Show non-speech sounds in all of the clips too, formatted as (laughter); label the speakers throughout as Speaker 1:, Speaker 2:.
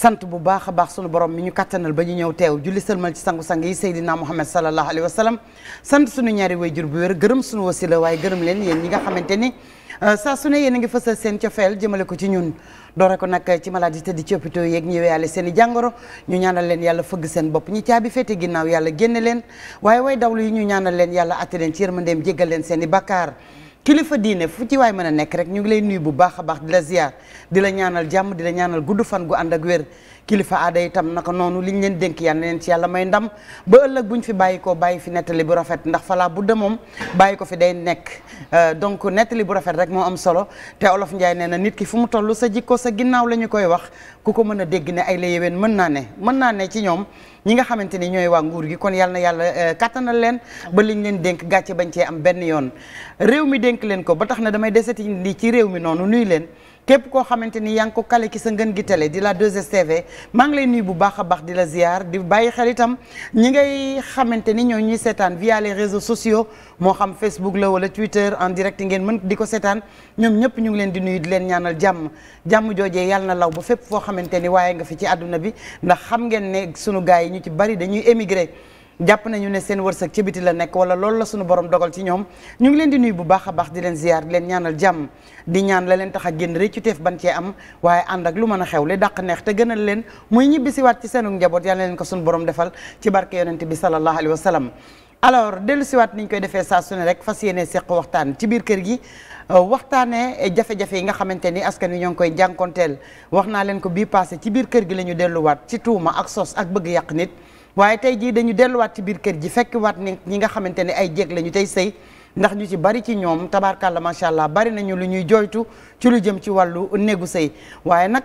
Speaker 1: sant bu baax a baax sunu borom mi ñu kattanal ba ñu ñëw teew julli sëlmal ci sangu-sang yi Seydina Muhammad sallallahu alayhi wa sallam sant sunu ñaari wayjur bu wér gërëm sunu wasila waaye gërëm leen yéen ñi nga xamante ni euh, saa su ne yéen a ngi fësal seen cofeel jëmale ko ci ñun doore ko nag ci maladie tëdd coppitoo hôpitaux yeeg ñi weyale seen i jàngoro ñu ñaanal leen yàlla fëgg seen bopp ñi caabi fete ginnaaw yàlla génne leen waaye way dawlu yi ñu ñaanal leen yàlla atte leen ci yërmandeem jéggal leen seen i kilifa diine fu ci waay mën a nekk rek ñu ngi lay nuyu bu baax a baax di la ziar di la ñaanal jàmm di la ñaanal gudd fan gu ànd ak wér kilifa aada itam naka noonu liñ leen dénk yal leen ci yàlla may ndam ba ëllëg buñ fi bàyyi ko bàyyi fi nettali bu rafet ndax fala bu de moom bàyyi ko fi day nekk euh, donc nettali bu rafet rek moo am solo te olof Njaay nee na nit ki fu mu toll sa jikko sa ginnaaw la ñu koy wax ku ko mën a dégg ne ay la yeween mën naa ne mën naa ne ci ñoom ñi nga xamante ni ñooy waa nguur gi kon yal na yàlla euh, kattanal leen ba liñ leen dénk gàcce bañ cee am benn yoon réew mi dénk leen ko ba tax na damay deseti mi noonu nuy leen képp koo xamante ni yaa ngi ko kale ki sa ngën gi télé di la 2STV maa ngi lay nuyu bu baax a baax di la ziar di bàyyi xel itam ñi ngay xamante ni ñoo ñuy seetaan via les réseaux sociaux moo xam Facebook la wala Twitter en direct ngeen mën di ko seetaan ñoom ñëpp ñu ngi leen di nuyu di leen ñaanal jàmm jàmm joojee yàlla na law ba fépp foo xamante ni waaye nga fi ci àdduna bi ndax xam ngeen ne sunu gars yi ñu ci bari dañuy émigré jàpp nañu ne seen wërsëg ci biti la nekk wala lool la suñu borom dogal ci ñoom ñu ngi leen di nuyu bu baax a baax di leen ziar di leen ñaanal jàmm di ñaan la leen tax a génn réccu teef ban cee am waaye ànd ak lu mën a xew li daq neex te gënal leen muy ñibbisiwaat ci seenu njaboot yàlla leen ko suñu borom defal ci barke yonent bi sallallahu alayhi wa sallam alors dellu siwaat ni ñu koy defee saa su rek fas yéene seq waxtaan ci biir kër gi euh, waxtaanee jafe yi nga xamante ni askan wi ñoo ngi koy jànkonteel wax naa leen ko bii passé ci biir kër gi la ñu delluwaat ci tuuma ak sos ak bëgg yàq nit waaye tey jii dañu delluwaat ci biir kër ji waat ne ñi nga xamante ne ay jéeg lañu tey sëy ndax ñu ci bari ci ñoom tabaarkàlla macha allah bari nañu lu ñuy jooytu ci lu jëm ci wàllu néegu sëy waaye nag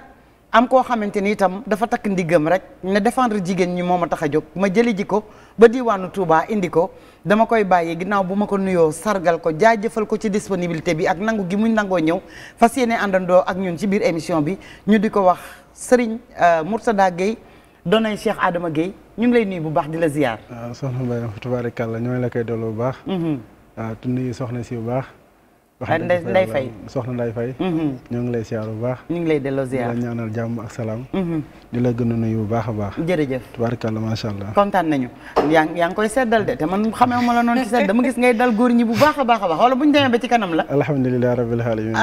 Speaker 1: am koo xamante ni itam dafa takk ndiggam rek ne defandre jigéen ñi moom ma tax a jóg ma jëli ji ko ba diwaanu Touba indi ko dama koy bàyyi ginnaaw bu ma ko nuyoo sargal ko jaajëfal ko ci disponibilité bi ak nangu gi mu nangoo ñëw fas yéene àndandoo ak ñun ci biir émission bi ñu di ko wax Serigne euh, Mourtada Gueye donay Cheikh Adama Gueye ñu ngi lay nuyu bu baax di la ziar.
Speaker 2: waaw ah, soxna Mbaye tubaarikàlla ñooy la koy delloo bu baax. waaw mm-hmm. ah, di nuyu soxna si bu baax. wax dëgg Nday Faye soxna Nday fay mm-hmm. ñoo ngi lay ziar bu baax. ñu ngi lay delloo ziar ñaanal jàmm ak salaam. Mm-hmm. di la gën nuyu bu baax a baax. jërëjëf tubaarkàlla macha allah. kontaan nañu yaa yaa ngi koy seddal
Speaker 1: man xamee ma la dama gis ngay dal góor ñi bu baax a baax a baax wala bu ñu demee ba ci kanam la.
Speaker 2: alhamdulilah rabbil alamin.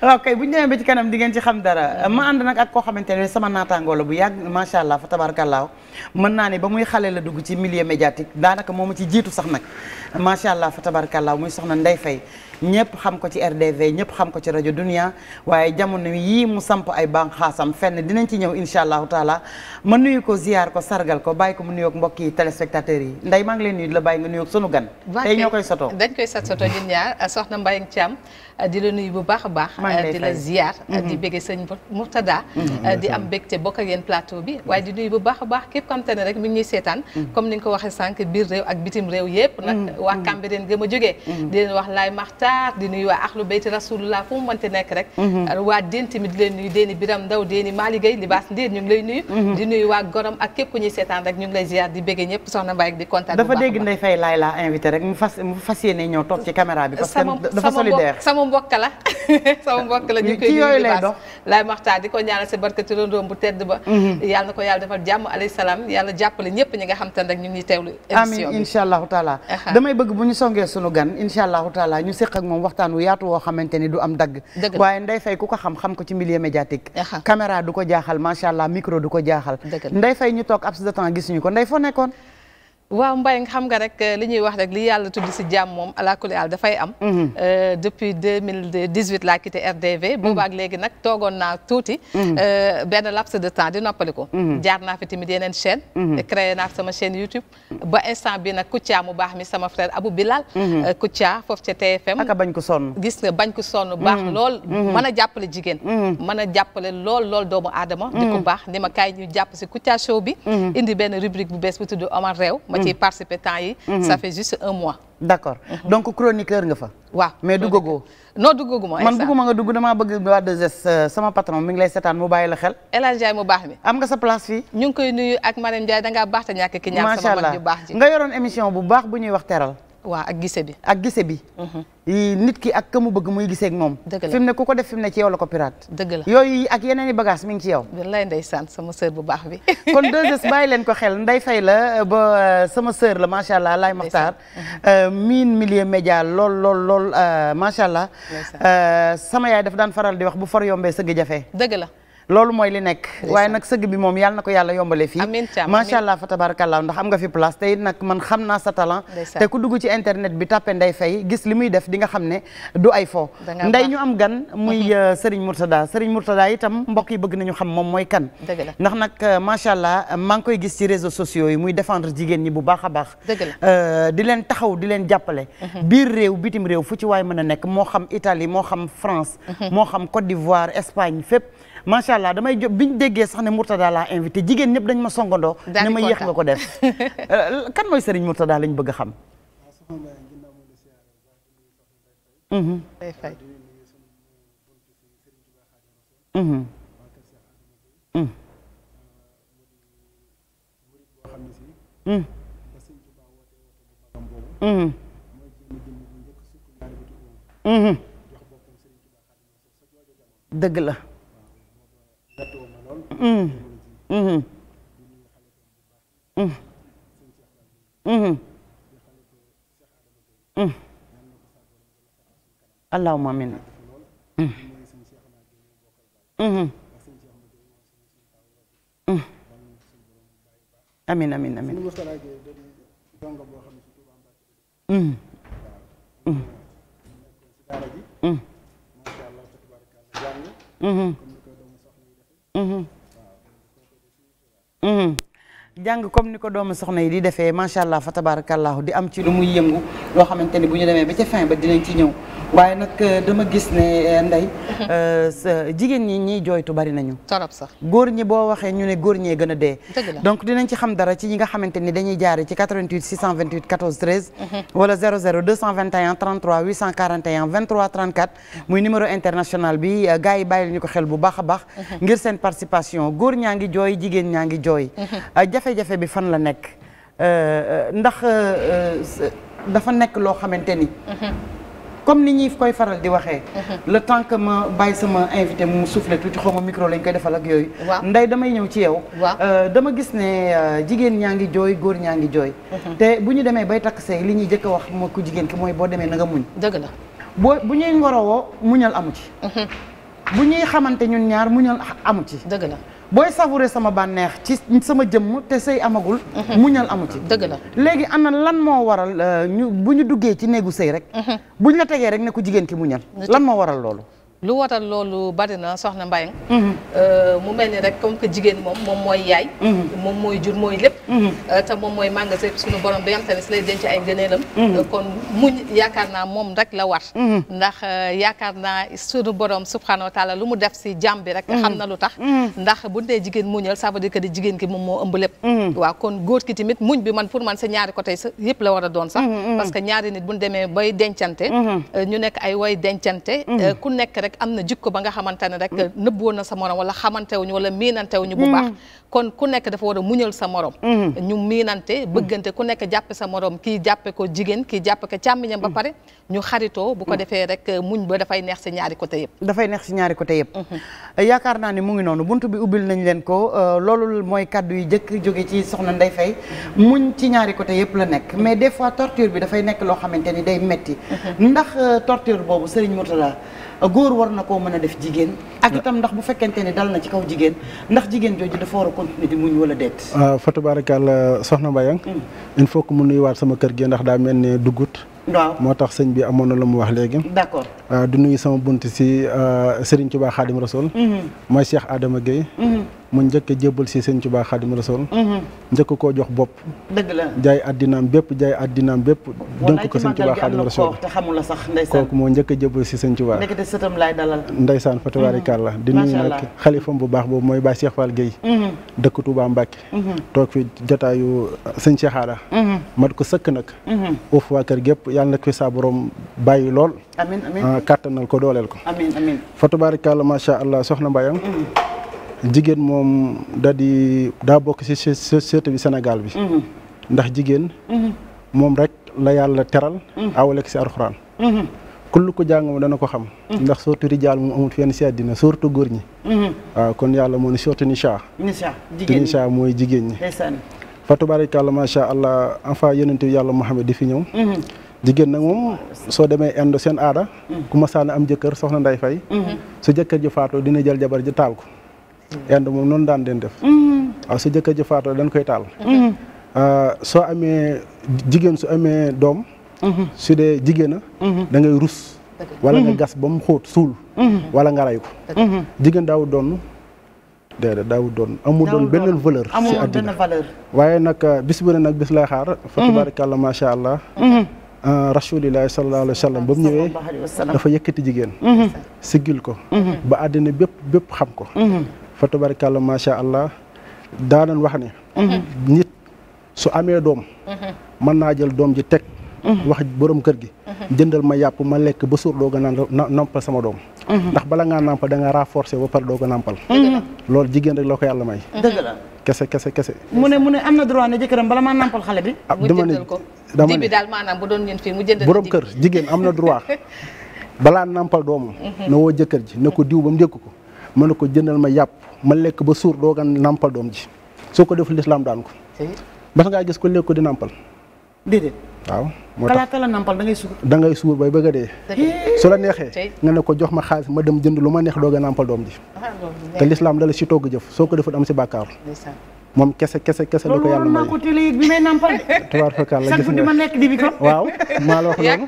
Speaker 1: ok bu ñu demee ba ci kanam di ngeen ci xam dara ma ànd nag ak koo xamante ne sama naataangoo bu yàgg macha allah fa tabaarkàllaaw mën naa ne ba muy xale la dugg ci milieu médiatique daanaka moo ma ci jiitu sax nag macha allah fa tabaarkàllaaw muy soxna Ndeye Faye ñëpp xam ko ci RDV ñëpp xam ko ci rajo Dunia waaye jamono yii mu samp ay banxaasam fenn dinañ ci ñëw incha allahu taala ma nuyu ko ziar ko sargal ko bàyyi ko mu nuyook mbokk yi téléspectateurs yi nday maa ngi leen nuyu la bàyyi nga nuyoog sunu gan. tey ñoo koy soto
Speaker 3: dañ koy sat soto ñun ñaar soxna Mbayang Thiam di la nuyu bu baax a baax di la ziar di mm-hmm. béggee sëñ Murtada mm-hmm. di am bégte bokk ak plateau bi waaye di nuyu bu baax a baax képp xam te ne rek mi ngi ñuy seetaan mm-hmm. comme ni nga ko waxee sànq biir réew ak bitim a jógee di leen wax laay maxtaar di nuyu waa axlu bayti rasulullah fu mu mënti nekk rek waa dén tamit di leen nuyu déeni biram ndaw déeni maaligay libaas ndiir ñu ngi lay nuyu ñuy seetaan rek ñu ngi lay di béggee ñëpp soxna Mbaye di kontaan dafa dégg nday mbokk la (laughs) sama mbokk la ñu koy yooyu lay dox laay maxtaa di ko ñaanal si barke bu tedd ba mhm. yàlla na ko defal jàmm alayhi salaam yàlla jàppale ñëpp ñi nga xam te rek ñu ngi teewlu émission bi amiin incha
Speaker 1: allahu taala damay bu ñu songee sunu gan incha allahu taala ñu séq ak moom waxtaan wu yaatu woo xamante ni du am dagg waaye nday fay ku ko xam xam ko ci milieu médiatique caméra du ko jaaxal
Speaker 3: macha allah micro du ko jaaxal nday fay ñu toog abs gisuñu ko nday foo nekkoon waaw Mbaye nga xam nga rek li ñuy wax rek li yàlla tudd si jàmm moom alaakulli àll dafay am. Mhm. Euh, depuis deux mille dix huit laa quitté RDV. Mhm. boobaak léegi nag toogoon naa tuuti. Mhm. Euh, benn laps de temps di noppaliku. jaar naa fi tamit yeneen chaîne. créé naa sama chaîne YouTube. ba instant bi nag Kouthia mu baax mi sama frère abu Bilal. Euh, Kouthia foofu ca TFM. ak bañ ko sonn gis nga bañ ko sonn baax lool. mën a jàppale jigéen. mën a jàppale lool lool doomu aadama. di ko baax ni ma kaay ñu jàpp si Kouthia bi. indi benn rubrique bu bees bu tudd Omar Réew. ma ciy mm. participer temps yi mm-hmm. ça fait juste un mois
Speaker 1: d'accord mm-hmm. donc chroniqueur nga fa waaw mais duggagoo
Speaker 3: non duggaguma man bugguma
Speaker 1: nga dugg damaa bëgg waa 2S euh, sama patron mi ngi lay seetaan mu bàyyi la xel
Speaker 3: El Hadj Ndiaye mu baax mi am nga sa place fii ñu ngi koy nuyu ak Marème Ndiaye dangaa baax te ñàkk ki ñaar sama mag ñu baax ji nga
Speaker 1: yoroon émission bu baax bu ñuy wax teral waaw ak gise bi ak gise bi mhm. nit ki ak ka mu bëgg muy giseek moom fi mu ne ku ko def fi mu ne ci yow la ko pirate dëgg la yooyu ak yeneen i bagage mi ngi ci yow wallaay
Speaker 3: nday sant sama sœur bu baax bi
Speaker 1: (laughs) kon deux heures bàyyi leen ko xel nday fay la euh, ba euh, sama sœur la macha allah laay maxtaar mhm. euh, miin milieu média lool lool lool macha allah sama yaay daf daan faral di wax bu far yombee sëgg jafe dëgg la loolu mooy li nekk waaye nag sëgg bi moom yàlla na ko yàlla yombale fii macha allah fa tabarakallah ndax am nga fi place tey nag man xam naa sa talent te ku dugg ci internet bi tàppe nday fay gis li muy def di nga xam ne du ay fo nday ñu am gan muy (laughs) euh, Serigne Mourtada Serigne Mourtada itam mbokk yi bëgg nañu xam moom mooy kan ndax nag euh, macha allah maa koy gis ci réseaux sociaux yi muy défendre jigéen ñi bu baax a baax euh, di leen taxaw di leen jàppale mhm. biir réew bitim réew fu mën a nekk moo xam Italie moo xam France mhm. moo xam Côte d'Ivoire Espagne fépp macha allah damay jo biñ déggee sax ne Mourtada laa invité jigéen ñëpp dañ ma songandoo. ne ma yéex nga ko def. (laughs) Euh, kan mooy Serigne Mourtada lañ bëgg a xam. Mhm.
Speaker 4: Mhm. Mhm.
Speaker 1: dëgg la. allahumma amin amin amin amin
Speaker 2: Mm-hmm. mm-hmm.
Speaker 4: mm-hmm.
Speaker 1: Mm-hmm. jàng comme ni ko doomu soxna yi di defee macha allah fa tabarakallahu di am ci lu muy yëngu loo xamante ni bu ñu demee ba ca fin ba dinañ ci ñëw waaye nag euh, dama gis ne euh, Ndeye. Mhm. Euh, jigéen ñi ñiy jooytu bari nañu. torop sax góor ñi boo waxee ñu ne góor ñee gën a dee. donc dinañ ci xam dara ci ñi nga xamante ni dañuy jaare ci 88 628 14 13. wala 00 221 33 841 23 34. muy numéro international bi gars yi bàyyi ñu ko xel bu baax a baax. Mhm. ngir seen participation góor ñaa ngi jooy jigéen ñaa ngi jooy. Mhm. jafe-jafe bi fan la nekk ndax dafa nekk loo xamante ni. comme ni ñuy koy faral di waxee. Mhm. la temps que ma bàyyi sama invité moom soufflé tuuti xaw ma micro lañ koy defal ak yooyu. nday damay ñëw ci yow. Euh, dama gis ne euh, jigéen ñaa ngi jooy góor ñaa ngi jooy. Mhm. te bu ñu demee bay takk sëy li ñuy jëkk a wax moo ku jigéen ki mooy boo demee na nga muñ. dëgg la boo bu ñuy woo muñal amu ci. Mhm. bu ñuy xamante ñun ñaar muñal amu ci. dëgg la. booy savouré sama bànneex ci sama jëm te sëy amagul mhm. muñal amu ci dëgg la léegi ana lan moo waral euh, ñu bu ñu duggee ci néegu sëy rek mhm. bu ñu la tegee rek ne jigéen ki muñal lan moo waral loolu
Speaker 3: lu waral loolu bari na soxna Mbayang mhm. euh, mu mel ni rek comme que jigéen moom moom mooy yaay mhm. moom mooy jur mooy lépp mhm. euh, te moom mooy magasin suñu borom bi nga xam ne si lay denc ay ngëneelam euh, kon muñ yaakaar naa moom rek la war ndax yaakaar naa suñu borom subhanahu wa taala lu mu def si jàmm bi rek xam na lu tax ndax bu dee jigéen muñal ça veut dire jigéen ki moom moo ëmb lépp kon góor ki muñ bi man pour man sa ñaari côté sax yëpp la war a doon sax parce que ñaari nit bu ñu demee bay dencante ñu nekk ay woy dencante ku nekk rek rek am na jikko ba nga xamante ne rek mm. nëbboon na sa morom wala xamantewuñu wala miinantewuñu bu mm. baax kon ku nekk dafa war a muñal sa morom mm. ñu miinante bëggante ku nekk jàppe sa morom kii jàppe ko jigéen kii jàppe ko càmmiñam ba pare ñu xaritoo bu ko defee rek euh, muñ ba dafay neex si ñaari côté yëpp
Speaker 1: dafay neex si ñaari côté yëpp mm-hmm. yaakaar naa ne mu ngi noonu buntu bi ubbil nañ leen ko euh, loolu mooy yi jëkk jóge ci soxna Ndeye Faye mm-hmm. muñ ci ñaari côté yëpp la nekk mais des fois torture bi dafay nekk loo xamante ni day metti mm-hmm. ndax euh, torture boobu Serigne Mourtada góor war na koo mën a def jigéen ak ah. itam ndax bu fekkente ne dal na ci kaw jigéen ndax jigéen jooju dafa war a continuer di muñ wala déet ah,
Speaker 2: fa tabaarakalla soxna Mbayang hmm. il faut que mu nuyuwaat sama kër gi ndax daa mel ne duggut moo tax sëñ bi amoon na la mu wax léegi d'accord Euh, di nuyu sama bunt si euh, Serigne Touba Khadim Rasoul. Mhm. mooy Cheikh Adama Gueye. Mhm. mu njëkk a jébbal si Serigne Touba Khadim Rasoul. Mhm. njëkk koo jox bopp. dëgg la jaay addinaam bépp jaay addinaam bépp. dénk ko Serigne Touba Khadim Rasoul te
Speaker 1: la sax ndeysaan kooku
Speaker 2: moo njëkk a jébbal si Serigne Touba. ndekete
Speaker 1: sëtam laay dalal.
Speaker 2: ndeysaan fa tabaarikàlla di nuyu nag xalifam bu baax boobu mooy Baye Cheikh Fall Gueye. dëkk Touba Mbacke. toog fi jotaayu euh, sëñ Cheikh mat ko sëkk nag. uuf waa kër gépp yàlla na ko fi saa borom bàyyi lool.
Speaker 4: amiin
Speaker 2: kàttanal ko dooleel ko. amiin amiin fa tabaarikàlla macha allah soxna Mbayang. Mm-hmm. jigéen moom da di daa bokk ci société bi Sénégal bi. Mm-hmm. ndax jigéen. Mm-hmm. moom rek la yàlla teral. awale ko ci alxuraan. kullu ko jàng moom dana ko xam. ndax surtout rijaal moom amul fenn ci àddina surtout góor ñi. waaw kon yàlla moo ni surtout nisaa. nisaa mooy jigéen ñi. fa tabaarikàlla macha allah en fait yàlla Muhammad di fi ñëw. jigéen nag moom soo demee Inde seen aada. ku masaan am jëkkër soxna nday fay. su jëkkër ji faatoo dina jël jabar ji taal ko. Inde moom noonu daan den def. waaw su jëkkër ji faatoo dañ koy taal. Ah, soo amee jigéen su amee doom. su dee jigéen a. da ngay rus. wala nga gas ba mu xóot suul. wala nga ray ko. jigéen daaw doon. déedéet daawul doon amul doon benn valeur si àddina waaye nag bis bu ne nag bis lay xaar fa tabaarikàlla mhm. macha allah mhm. Euh, rasulillahi sallallahu alayhi wa sallam ba mu ñëwee dafa yëkkati jigéen mhm. siggil ko mhm. ba àddina bépp bépp xam ko mhm. fa tabarkàlla macha allah daanan wax ne nit su amee doom mën naa jël doom ji teg wax borom kër gi jëndal ma yàpp ma lekk ba suur doog a naan nampal sama doom mhm. ndax bala ngaa nàmpal da nga renforcé ba pare doog a nàmpal loolu jigéen rek la ko yàlla may mhm. dëgg la kese kese kese
Speaker 3: mu
Speaker 1: ne mu ne am na droit ne jëkkëram bala maa nàmpal xale ah,
Speaker 2: na droit (laughs) balaa nàmpal mhm. ko diw ba mu dégg ko ma yàpp ba suur doog a nàmpal doom ji soo ko deful lislaam daan ko bas ngaa gis ko nàmpal waaw moo tax
Speaker 1: kala nampal da ngay suur.
Speaker 2: da ngay suur bay bëgg a dee. su la neexee nga ne ko jox ma xaalis ma dem jënd lu ma neex doog a nampal doom ji.
Speaker 1: Ah, te lislaam
Speaker 2: da la togg jëf soo ko defut am si bàkkaar. moom kese kese kese la ko yàlla may loolu ko
Speaker 1: télé bi may nampal.
Speaker 2: tubaar fakal la gis nga
Speaker 3: ma waaw maa la wax loolu (laughs)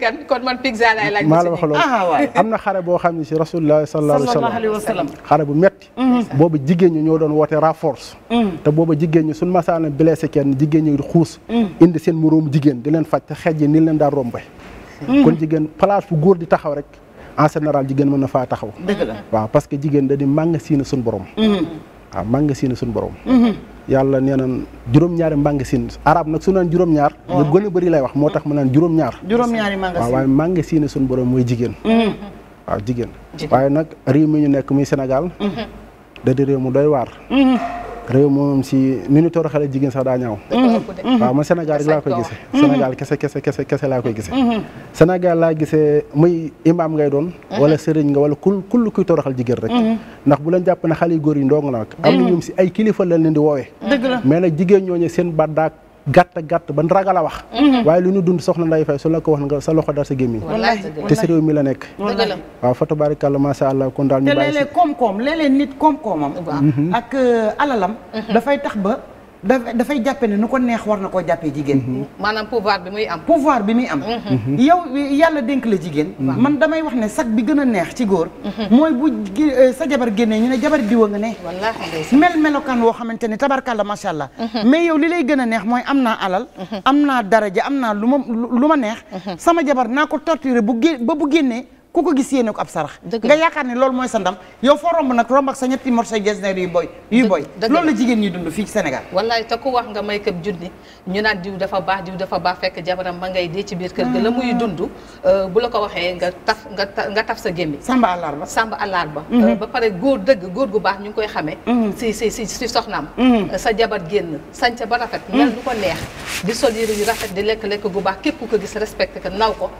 Speaker 3: maa la wax loolu ah,
Speaker 2: am na xare boo xam ne si rasulullah sallallahu alayhi wa xare bu metti mhm. boobu jigéen ñu ñoo doon woote force mhm. te boobu jigéen ñi suñ masaana blessé kenn jigéen ñi xuus. Mhm. indi seen mu room jigéen di leen faj te xeej yi ni leen daan rombe kon jigéen place bu góor di taxaw rek en général jigéen mën na faa taxaw. waaw parce que jigéen da di mànga siina suñ borom. waaw mànga siina suñ borom yàlla nee na juróom-ñaari màngasin arab nag su naan juróom-ñaar ñu gën a bëri lay wax moo tax mu naan juróom-ñaar juróom-ñaari màngasin waaw waaye màngasin mooy jigéen mhm. waaw jigéen waaye nag réew mi ñu nekk muy Sénégal mhm. da di réew mu doy waar mhm. réew moom si ni ñu toor xale jigéen sax daa ñaaw mm-hmm.
Speaker 4: Mm-hmm. waaw man Sénégal rek laa koy gisee Sénégal
Speaker 2: kese kese kese kese laa koy gisee mm-hmm. Sénégal laa gisee muy imaam ngay doon wala sëriñ nga wala kul kul kuy toroxal jigéen rek ndax bu leen jàpp ne xale yu góor yi ndong la nag am na ñoom si ay kilifa lañ leen di woowee mais nag jigéen ñooñu seen baat gàtt gàtt ba ragal a wax. Mhm. waaye lu ñu dund soxna Nday Faye su la ko wax nga sa loxo dal sa gémmiñ. te si réew mi la nekk. waaw fa tabaarikàlla macha allah kon daal ñu bàyyi si. te léeg-léeg
Speaker 1: koom-koom léeg-léeg nit koom-koomam. Mhm. ak euh, alalam. Mhm. dafay tax ba. dafay dafay jàppe ne nu ko neex war na koo jàppee jigéen. Mhm.
Speaker 3: maanaam pouvoir bi muy
Speaker 1: am. pouvoir bi muy am. Mhm. yow yàlla denk la jigéen. Mhm. man damay wax ne sag bi gën a neex ci góor. mooy bu euh, sa jabar génnee ñu ne jabar diwa nga ne. wallaahi mel melokaan woo xamante ne tabarkalla macha allah. mais yow li lay gën a neex mooy am naa alal. am naa daraja am naa lu ma lu ma neex. sama jabar naa ko torturer bu gé ba bu génnee. ku ko gis yéene ko ab sarax nga yaakaar ne loolu mooy sa ndam yow foo romb nag romb ak sa ñetti morso gesner yu boy yuy boy loolu la jigéen ñi dund fii ci Sénégal
Speaker 3: wallaay te ku wax nga may këb junni ñu naan diw dafa baax diw dafa baax fekk jabaram ma ngay dee ci biir kër ga mm. la muy dund euh, bu la ko waxee nga taf nga nga taf sa gémmi samba àllarba samba àllarba mm-hmm. euh, ba pare góor dëgg góor gu baax ñu ngi koy xamee mm-hmm. si si si si soxnaam mm-hmm. euh, sa jabar génn sañca ba rafet mel lu ko neex di sol yu rafet di lekk lekk gu baax képp ko gis respecté ko ko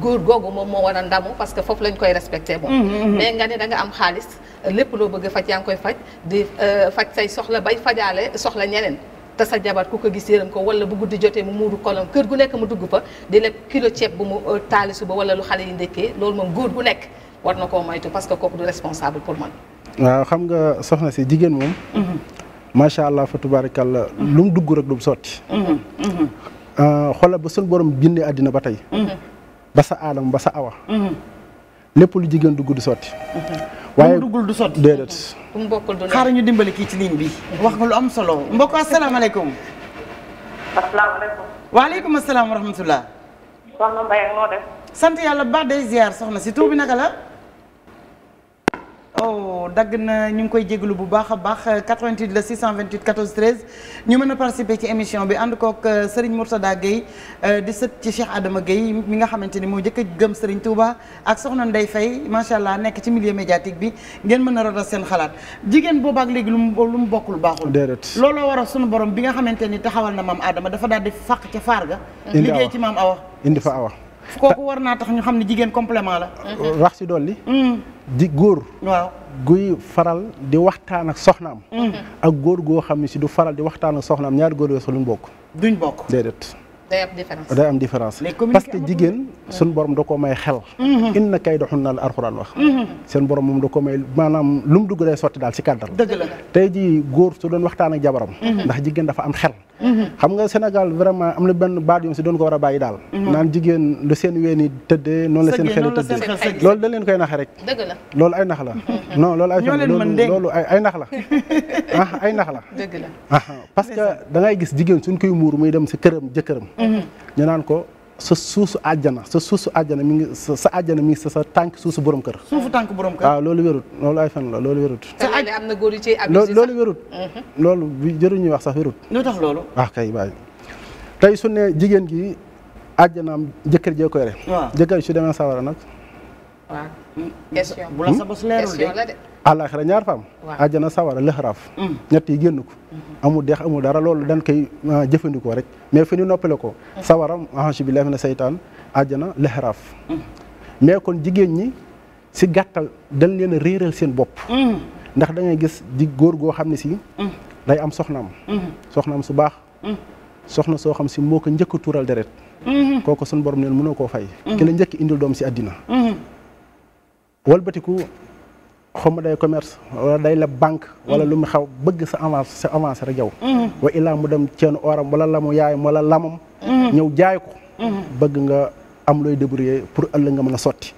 Speaker 3: góor googu moom moo war a ndamu parce foofu lañ koy respecté moom mm-hmm, mm-hmm. mais nga ne da nga am xaalis lépp loo bëgg a faj yaa ngi koy faj di euh, faj say soxla bay fajaale soxla ñeneen te sa jabar ku ko gis yërëm ko wala bu guddi jotee mu muuru kolom kër gu nekk mu dugg fa di leb kilo ceeb bu mu euh, taali suba wala lu xale yi ndekkee loolu moom góor gu nekk war na koo moytu parce que kooku du responsable pour man
Speaker 2: waaw xam nga soxna si jigéen moom mm-hmm. macha allah fa tubaarikàlla lu mu dugg rek du mu sotti
Speaker 4: euh,
Speaker 2: xoolal ba suñu borom bindee àddina ba tey ba sa aadama lépp lu jigéen dugg du sotti.
Speaker 1: waaye duggul du sotti déedéet. mu xaaral ñu dimbali kii ci ligne bi. wax nga lu am solo mbokk asalaamaaleykum. asalaamaaleykum. waaleykum asalaam wa sant yàlla ba day ziar soxna si tuubi naka la. oh dagg na ñu ngi koy jéglu bu baax a baax 88 la 628 14 13 ñu mën a participer ci émission bi ànd koog euh, Serigne Mourtada Gueye euh, di sët ci Cheikh Adama Gueye mi nga xamante ni moo jëkk a gëm Serigne Touba ak soxna Ndeye fey macha allah nekk ci milieu médiatique bi ngeen mën a rotal seen xalaat jigéen boobu ak léegi lu mu lu mu bokkul
Speaker 2: baaxul. déedéet
Speaker 1: looloo waral sunu borom bi nga xamante ni taxawal na maam Adama dafa daal di fàq ca faar ga. indi liggéey ci maam Awa
Speaker 2: indi fa Awa. kooku war naa tax ñu xam ne jigéen complément la. rax ci dolli. Mm. di góor. guy faral di waxtaan ak soxnaam. Mm. ak góor goo xam ne si du faral di waxtaan ak soxnaam ñaari góor yooyu sax duñ bokk. duñ bokk déedéet. day am day am différence. parce que jigéen mm. suñ borom da koo may xel. Mm-hmm. inna kay doxul naa la alxuraan wax. Mm-hmm. seen borom moom da koo may maanaam lu mu dugg day sotti daal ci kàddar. dëgg la tey ji góor su doon waxtaan ak jabaram. Mm-hmm. ndax jigéen dafa am xel. Mm-hmm. xam nga Sénégal vraiment am na benn baat yu si doon ko war a bàyyi daal mm-hmm. naan jigéen lu seen weeni tëddee noonu la seen xel tëddee loolu da leen koy naxe rek dëgg la loolu ay nax la mm-hmm. non loolu ay fen loolu ay nax la (laughs) ah ay nax la dëgg la ah, parce que da ngay gis jigéen suñ koy muur muy dem si këram jëkkëram ñu naan ko sa suusu àjjana sa suusu àjjana mi ngi sa àjjana mi ngi sa tànk suusu borom kër. suufu tànk borom kër. waaw loolu wérut loolu ay loolu wérut.
Speaker 3: na góor yu ci abusé loolu wérut. Mhm.
Speaker 2: loolu bi jëruñuy wax sax wérut. lu tax loolu. waaw ah, kay bàyyi su ne jigéen gi àjjanaam jëkkër jee ko yore. waaw su demee sa
Speaker 3: bos leerul de.
Speaker 2: àllaaxira ñaar fa am àjjana sawara lëxraaf mm. ñett génn ko mm-hmm. amul deex amul dara loolu dañ koy ah, jëfandikoo rek mais fi ñu noppale ko mm. sawara ahonge bi lay na seytaan àjjana lëxraaf mm. mais kon jigéen ñi si gàttal dañ leen a réeral seen bopp ndax da gis di góor goo xam ne si day am soxnaam soxnaam su baax soxna soo xam si mbokk njëkk a tuural deret mm-hmm. kooku suñu borom neen mënoo koo fay ki njëkk indil doom si àddina mm-hmm. walbatiku xaw ma day commerce wala day la banque wala lu mu xaw bëgg sa avance sa avance rek yow mm-hmm. wa illaa mu dem ceenu oram wala lamu yaayam wala lamam mm-hmm. ñëw jaay ko mm-hmm. bëgg nga am looy débrouiller pour ëllëg nga mën a sotti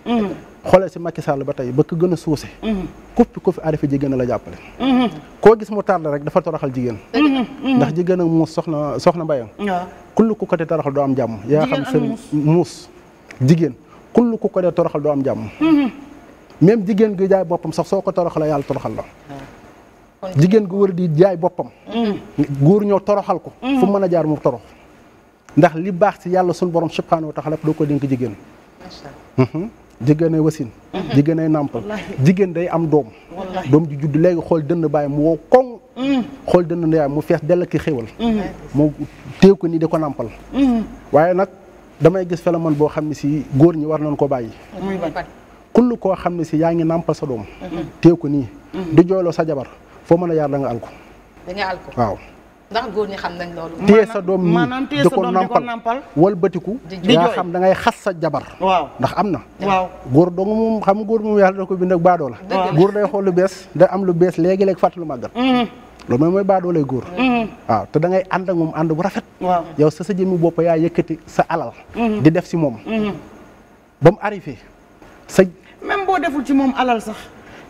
Speaker 2: xoolee si Macky Sall ba tey ba ko gën a suuse kuppi ko fi jigéen a la jàppale koo gis mu tardé rek dafa toroxal jigéen ndax jigéen ak muus soxna soxna mbayam kullu ku ko dee toroxal doo am jàmm yaa xam seen muus jigéen kullu ku ko dee toroxal doo am même jigéen gu jaay boppam sax soo ko toroxalee yàlla toroxal la ah. jigéen gu war di jaay boppam mm. góor ñoo toroxal ko mm. fu mën a jaar mu torox ndax li baax ci yàlla suñu borom subhaanahu wa taala doo ko dénk jigéen mhm. jigéen ay wasin mm-hmm. jigéen ay nàmpal jigéen day am doom doom ji judd léegi xool dënn bàyyi mu wow koŋ mm. xool dënn yaay mu fees dell ki xéwal mm-hmm. mu téew ko ni di ko nàmpal mm-hmm. waaye nag damay gis phénomène boo xam ne si góor ñi war nañ ko bàyyi kull koo xam ne si yaa ngi nàmpa sa doom. Mhm. téye ko nii. Mhm. di jooyloo sa jabar foo mën a yaar da nga alko da nga alko waaw.
Speaker 3: xam nañ loolu. téye sa doom nii di ko nàmpal
Speaker 2: walbatiku yaa xam da ngay xas sa jabar. waaw ndax am na. waaw góor dong moom xam góor moom yàlla da ko bind la. góor day xool lu bees day am lu bees léegi léegi fàttali màggat. Mhm. loolu mooy mooy baadoo lay góor. waaw te dangay ngay ànd ak moom ànd bu rafet. waaw yow sa sa jëmmi bopp yaa yëkkati sa alal. di def si moom. ba mu arrivé
Speaker 1: même boo deful ci moom alal sax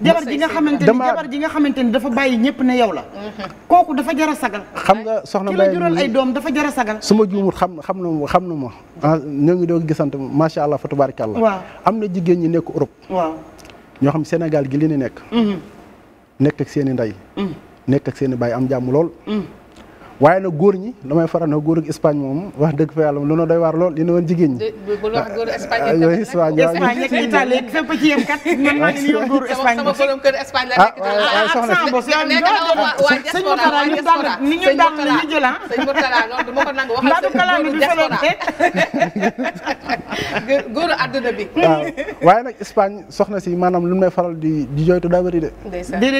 Speaker 1: jabar ji nga xamante ni jabar ji nga xamante ni dafa bàyyi ñëpp ne yow la mhm. kooku dafa jar a sagal xam nga soxna Mbaye la jural ay doom dafa jar a sagal
Speaker 2: su ma juumut xam xam na xam na ma ah, ñoo ngi doog gisante macha allah fa tabarakallah waaw am na jigéen ñi nekk Europe waaw ñoo xam Sénégal gi li ni nekk mhm. nekk ak seen i ndey mhm. nekk ak seen i am jàmm lool waaye nag góor ñi damay faral na góor ak Espagne moom wax dëgg fa yàlla lu na doy lool li ne woon jigéen
Speaker 3: soxna ah. (laughs)
Speaker 2: nag Espagne soxna si maanaam lu may faral di di jooytu daa bëri de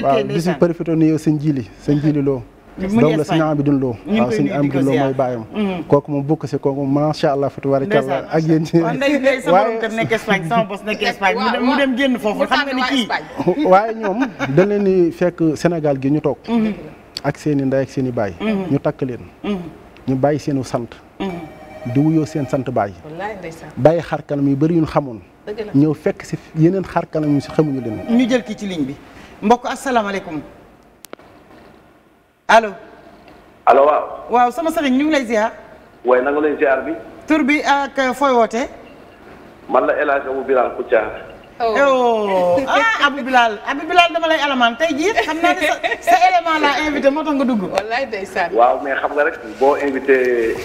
Speaker 2: waaw di si profité ni yow sëñ Jili sëñ Jili loo doom la sëñ Abidou Lo waaw mooy bàyyam mm-hmm. kooku moom bokk si kooku macha allah fatabarakallah ak yéen ci waaye
Speaker 1: nekk Espagne sama bos nekk Espagne mu dem génn foofu xam nga ni
Speaker 4: kii
Speaker 2: waaye ñoom dañ leen fekk Sénégal gi ñu toog mm-hmm. ak seen i ak seen i baay mm-hmm. ñu takk leen ñu bàyyi seenu sant di wuyoo seen sant baay bàyyi xarkalam yu bari yu ñu xamoon ñëw fekk si yeneen xarkanam yu si xamuñu leen
Speaker 1: ñu jël ki ci ligne bi mbokk asalaamaaleykum allo. allo waaw. waaw sama sëriñ ñu ngi lay ziar.
Speaker 5: waaye nangu leen ziar bi. tur bi ak euh, fooy wootee. man la El Hadj Abou Bilal Kouthia.
Speaker 1: Oh. oh ah Abou Bilal Abou Bilal dama lay alamaan tey jii xam naa ne sa élément laa invité moo tax nga dugg. wallaay waaw
Speaker 5: mais xam nga rek boo invité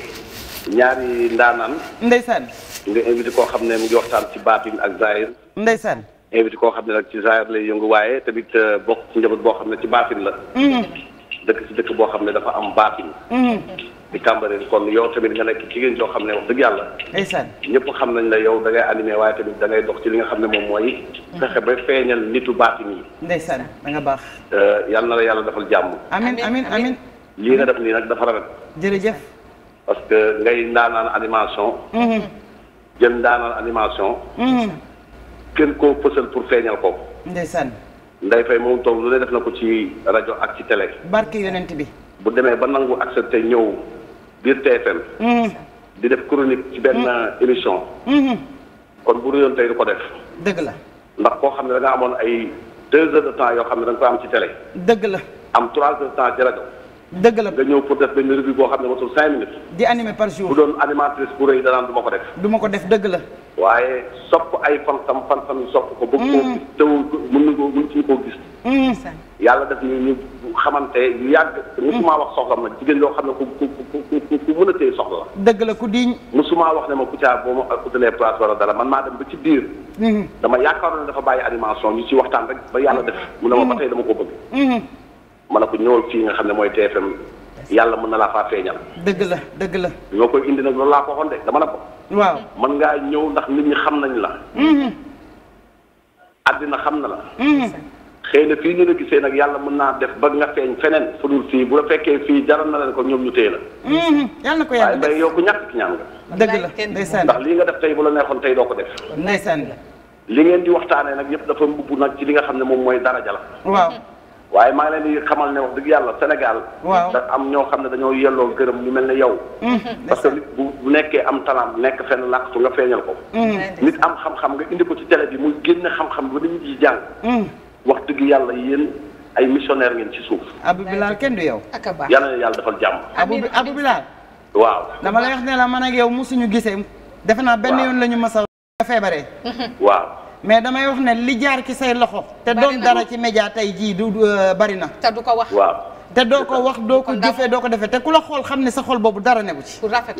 Speaker 5: ñaari ndaanaan. ndeysaan. nga invité koo xam ne mu ngi waxtaan ci baatin ak Zahir. ndeysaan. invité koo xam ne nag ci Zahir lay yëngu waaye tamit euh, bokk ci njaboot boo xam ne ci baatin la. Mm-hmm. dëkk si dëkk boo xam ne dafa am baatin mm-hmm. di Cambérène kon yow tamit nga nekk jigéen joo xam ne wax dëgg yàlla ndeysaan ñëpp xam nañ la yow da ngay animé waaye tamit da ngay dox ci li nga xam ne moom mooy mm-hmm. fexe ba feeñal nitu baatin yi
Speaker 1: ndeysaan da nga baax
Speaker 5: euh, yàlla na la yàlla dafal jàmm
Speaker 1: amin amin amin
Speaker 5: lii nga def nii nag dafa rafet jërëjëf parce que ngay ndaanaan animation mm-hmm. jël ndaanaan animation kenn koo fësal pour feeñal ko ndeysaan ndey Faye moom toog lu ne def na ko ci rajo ak ci télé. barke yonent bi. bu demee ba nangu accepté ñëw biir TFM. Mm-hmm. di def chronique ci benn mm-hmm. émission. Mm-hmm. kon bu réyoon tey du ko def. dëgg la ndax koo xam ne da amoon ay deux heures de temps yoo xam ne da nga ko am ci télé. dëgg la am trois heures de temps ci rajo. dëgg la nga ñëw pour def benn revue boo xam ne matul cinq minutes. di animé par jour bu doon animatrice bu rëy danaan du ma ko def. du ma ko def dëgg la. waaye sopp ay fansam fansam yi sopp ko. bëgg mm. koo gis tew mën na koo mën suñu koo
Speaker 4: gis.
Speaker 5: yàlla def ñu ñu xamante yu yàgg. Mm. musuma wax soxla ma jigéen yoo xam ne ku ku ku ku mën a téye soxla la. dëgg la ku diñ. musuma wax ne ma Kouthia boo ma utalee wala dara man maa dem ba ci biir. Mm. dama yaakaaroon ne dafa bàyyi animation ñu ci waxtaan rek ba yàlla def. mu ne ma ba tey dama ko bëgg. ma ne ko ñëwal fii nga xam ne mooy TFM yàlla mën na laa faa feeñal. dëgg la dëgg la. ñoo koy indi nag loolu laa ko waxoon de dama ne ko. waaw man ngaa ñëw ndax nit ñi xam nañ la. Mm-hmm. àddina xam na la. Mm-hmm. xëy na fii ñu la gisee nag yàlla mën naa def ba nga feeñ feneen fu dul fii bu la fekkee fii jaral na leen ko ñoom ñu téye la. Mm-hmm. yàlla na ko yàlla def waaye yow ku ñàkk ci ñaan nga. dëgg la ndeysaan ndax lii nga def tey bu la neexoon tey doo ko def. ndeysaan li ngeen di waxtaanee nag yëpp dafa mbubb nag ci li nga xam ne moom mooy daraja la. waaye maa ngi leen di xamal ne wax dëgg yàlla senegal waaw dafa am ñoo xam ne dañoo yelloo gërëm ñu mel ne yow. Mm-hmm. parce que nit bu nekkee am talent nekk fenn làkkatu nga feeñal ko.
Speaker 4: Mm-hmm. nit
Speaker 5: am xam-xam nga indi ko ci télé bi mu génn xam-xam ba dañu ciy jàng. Mm-hmm. wax dëgg yàlla yéen ay missionnaire ngeen ci suuf. Abdou Bilal kenn du yow. ak yàlla na yàlla defal jàmm. Abdou Abdou Bilal. waaw
Speaker 1: dama lay wax ne la man ak yow mosuñu gisee. defe naa benn yoon la ñu mas a feebaree. waaw. mais damay wax ne li jaar ci say loxo. te doon dara ci média tey jii du euh, bari na. te du ko wax waaw. te doo ko wax doo ko jëfee doo ko defee te ku la xool xam ne sa xol boobu dara nebu ci. ku rafet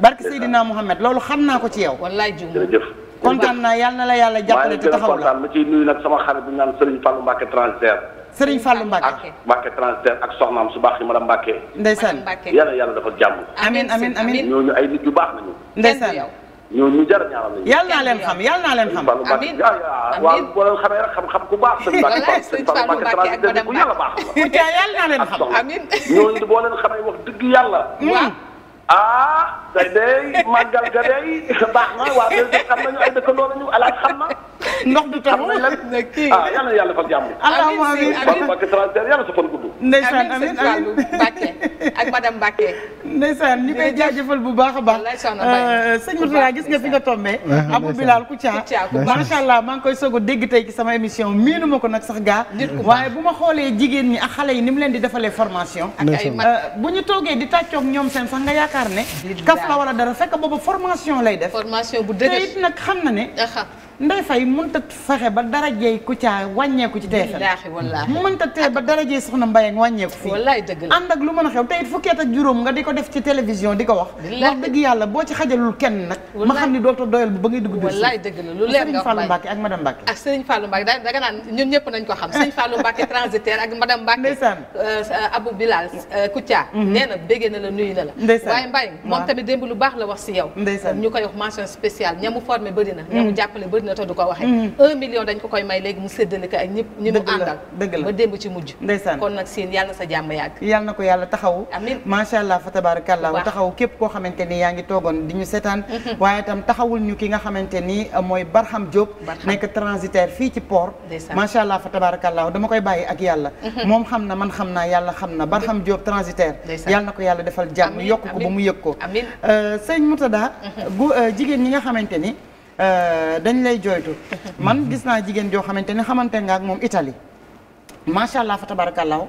Speaker 1: barki Seydina Mohamed loolu xam naa ko ci yow. wallaay jum
Speaker 5: jërëjëf. kontaan
Speaker 1: naa yal na la yàlla jàppale te taxaw la
Speaker 5: ma ciy nuyu nag sama xarit bi naan Serigne Fallou Mbacke transfert. Serigne Fallou Mbacke ak Mbacke transfert ak soxnaam su baax yi madame Mbacke. ndeysaan yàlla yàlla dafa jàmm. amiin amiin amiin ñooñu ay nit lu baax nañu. ndeysaan ñooñu ñu jar ñaaral lañu. yal naa leen xam yal naa leen xam. amiin amiin boo leen xamee rek xam-xam ku baax. walaay sëñ Fallou Mbacké ak madame Ba yàlla baax la. yal naa leen xam amiin. ñooñu boo leen xamee wax dëgg yàlla. Mm. ah da day màggal ga day baax na waa Belgique xam nañu ay dëkkandoo lañu alaaj xam na. ndox du taxaw ah yal na yàlla defal jàmm. allahumma amiin sa fan gudd. ndeysaan amiin amiin
Speaker 1: Mbacke ak madame Mbacke. ndeysaan ñu koy jaajëfal bu baax a baax. Euh, sëñ Mourtala gis nga fi nga tombé. Abou Bilal Koutia. allah maa ngi koy soog a dégg tey ci sama émission miinu ma ko nag sax gaa. waaye bu ma xoolee jigéen ñi ak xale yi ni mu leen di defalee formation. Euh, bu ñu toogee di tàccoog ñoom seen sax nga yaakaar yaakaar ne. kaf la wala dara fekk boobu formation lay def. formation bu dëgër te it nag xam na ne. Ndeye Faye mënut a fexe ba darajey Kouthia wàññeeku ci TFM. wallaahi wallaahi mënut a tee lu mën a xew te it fukki at ak juróom nga di ko def ci télévision di ko wax. wax dëgg yàlla boo ci xajalul kenn nag. ma xam ni dootoo doyal bu ba ngay dugg. wallaay dëgg la lu leer nga ko
Speaker 3: xam (laughs) Serigne Fallou Mbacke transitaire ak madame Mbacke. ndeysaan euh, Abou Bilal euh, Kouthia. Mhm. nee la waaye Mbayang moom tamit démb lu baax la wax si yow. ndeysaan ñu koy wax mention spéciale ñamu formé bëri na ñamu mm. jàppale bëri bëri na te du ko waxee. Mm-hmm. un million dañ ko koy may léegi mu séddale ko ak ñëpp ñi mu àndal dëgg la ba démb ci mujj ndeysaan kon nag siin yàlla na sa jàmm yàgg yàlla na ko
Speaker 1: yàlla taxaw amiin macha allah fa tabarakallah taxaw képp koo xamante ni yaa ngi toogoon di ñu seetaan mm-hmm. waaye itam taxawul ñu ki nga xamante ni uh, mooy Barham Diop nekk transitaire fii ci port macha allah fa tabarakallah dama koy bàyyi ak yàlla mm-hmm. moom xam na man xam naa yàlla xam na Barham Diop transitaire yàlla na ko yàlla defal jàmm yokk ko ba mu yëg ko uh, sëñ Moutada uh, jigéen ñi nga xamante ni Euh, dañ lay jooytu man gis naa jigéen joo xamante ne xamante nga ak moom itali macha allah fa tabarakallah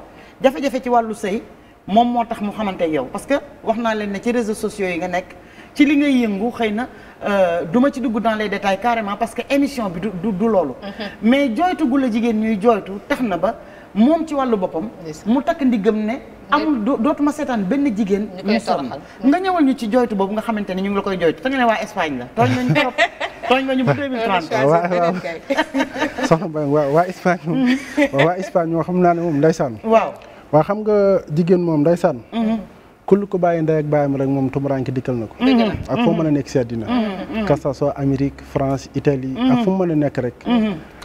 Speaker 1: jafe-jafe ci wàllu sëy moom moo tax mu xamante yow parce que wax naa leen ne ci réseaux sociaux yi nga nekk ci li ngay yëngu xëy na euh, du ma ci dugg dans les détails carrément parce que émission bi du du loolu mhm. mais jooytu gu la jigéen ñuy jooytu tax na ba moom ci wàllu boppam mu takk ndiggam ne amul dootuma seetaan benn jigéen ñu sonn nga ñëwal ñu ci jooytu boobu nga xamante ne ñu ngi la koy jooytu te nga waa Espagne la (laughs) tooñ nga ñu soxna
Speaker 2: Mbaye waaw waa Espagne moom mhm. waa Espagne moom xam naa ne moom ndeysaan waaw xam nga jigéen moom ndeysaan mhm. kull ko bàyyi ndey ak bàyyam rek moom tumuraanke na ko ak mën a mhm. nekk si àddina que ça soit mën a nekk rek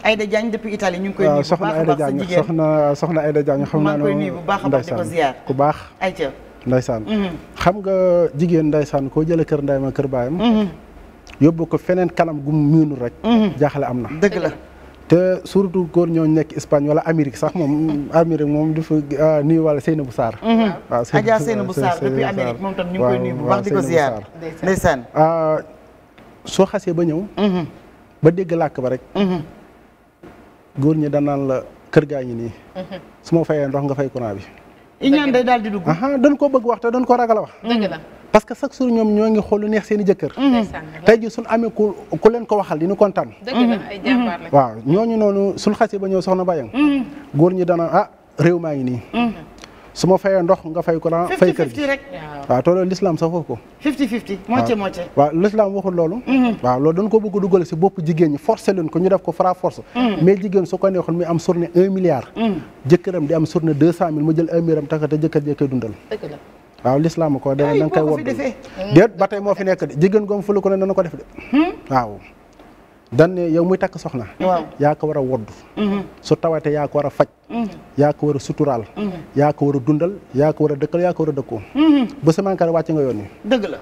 Speaker 1: Aïda Diagne depuis Italie ñu ngi xam
Speaker 2: naa ne ndeysaan ku baax ndeysaan xam nga jigéen ndeysaan koo jëlee kër ndey ma kër bàyyam yóbbu ko feneen kanam gu mu miinu rek. Mhm. jaaxle am na dëgg la. te surtout góor ñooñu nekk Espagne wala Amérique sax moom (laughs) Amérique moom dafa ah, nuyu wala Seynabou Sarr. Mhm. waaw Adja Seynabou Sarr depuis Amérique moom tam ñu ngi koy nuyu bu baax di ah, soo xasee ba ñëw. Mhm. ba dégg làkk ba rek. góor ñi danaan la kër gaa ñi nii. su ma fayee ndox nga fay courant bi. ko bëgg wax te dañ ko ragal wax. parce que chaque jour ñoom ñoo ngi xool lu neex seen i jëkkër. Mm-hmm. tey ji suñu amee ku leen ko waxal dina kontaan.
Speaker 4: Mm-hmm. waaw
Speaker 2: ñooñu noonu suñu xasee ba ñëw soxna Bayang. Mm-hmm. góor ñi dana ah réew maa ngi nii. su ma fayee ndox nga fay ko la fay kër gi rek waaw te lislaam sax foofu ko
Speaker 1: fifty fifty moitié moitié
Speaker 2: waaw lislaam waxul loolu waaw loolu dañ ko bëgg dugal si bopp jigéen ñi forcé leen ko ñu def ko fra force mais jigéen su ko neexoon muy am surne un milliard jëkkëram di am surne deux cent mille mu waaw lislaam ko da nga koy wor hmm. déet ba tey moo fi nekk de jigéen goom fulu ko ne dana ko def de hmm? waaw dan ne yow muy takk soxna yaa ko war a wodd hmm. su tawatee yaa ko war a faj yaa ko war a suturaal yaa ko war a dundal yaa ko war a dëkkal yaa ko war a dëkkoo ba si manqué wàcc nga yoon ni dëgg la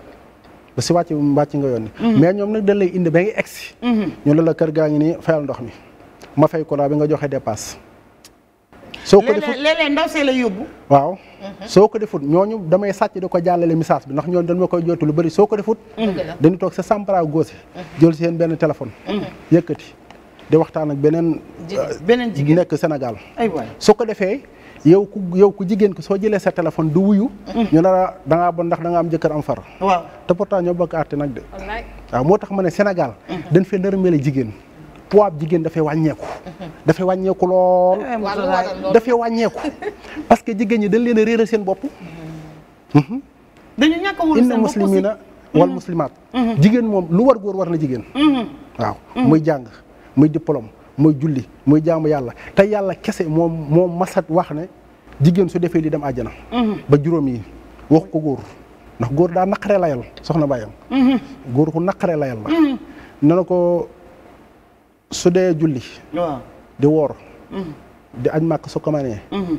Speaker 2: ba si wàcc wàcc nga yoon ni mais ñoom nag dañ indi ba ngi egsi ñu la kër gaa ngi nii fayal ndox mi ma fay courant bi nga joxe dépasse soo ko defut
Speaker 1: léeg-léeg ndaw see la yóbbu.
Speaker 2: waaw mhm. soo ko defut ñooñu damay sàcc di ko jàllale message bi ndax ñoom dañ ma koy jooytu lu bëri soo ko defut. dañu toog sa sambara góose. Mhm. jël seen benn téléphone. Mhm. yëkkati di waxtaan ak beneen. Euh, beneen jigéen nekk senegal soo ko defee yow ku yow ku jigéen ko soo jëlee sa téléphone du wuyu. ñu ne la da bon ndax danga am jëkkër am far. waaw te pourtant ñoo bokk àtte nag de. waaw moo tax ma ne senegal dañ fee nërmale jigéen. poids jigéen dafay wàññeeku. dafay wàññeeku lool. dafay wàññeeku parce que jigéen ñi dañ leen a seen bopp.
Speaker 1: dañu ñàkk a wóolu inna muslimina
Speaker 2: wal muslimaat. Mhm. jigéen moom lu war góor war na jigéen. Mhm. waaw mhm. muy jàng muy diplôme muy julli muy jaamu yàlla te yàlla kese moom moom masat wax ne jigéen su defee li dem àjjana. ba juróom yi wax ko góor ndax góor daa naqaree layal soxna bàyyam góor ku naqaree layal la. na ko su dee julli. waaw di woor. Mm-hmm. di añ màkk su ko manee. Mm-hmm.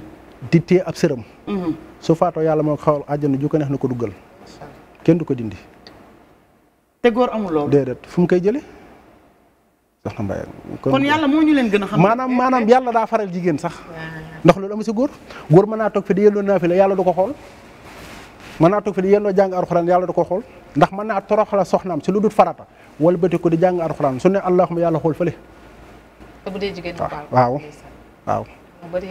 Speaker 2: di ab sëram. Mm-hmm. su faatoo yàlla moo xawal àjjana ju ko neex na ko duggal. kenn du ko dindi. te góor amuloo loolu. déedéet koy jëlee. soxna Mbaye kon
Speaker 1: yàlla moo ñu a
Speaker 2: xam. maanaam maanaam yàlla daa faral jigéen sax. (laughs) ndax loolu amu si góor góor mën naa toog fi di yelloo naa yàlla du ko xool. man naa toog fi di yendoo jàng alxuraan yàlla da ko xool ndax mën naa toroxla soxnaam si lu dul farata wala bëti ko di jàng alxuraan su ne allahuma yàlla xool fële.
Speaker 3: te bu dee jigéen bu baax
Speaker 1: waaw
Speaker 2: waaw.
Speaker 3: mu bëri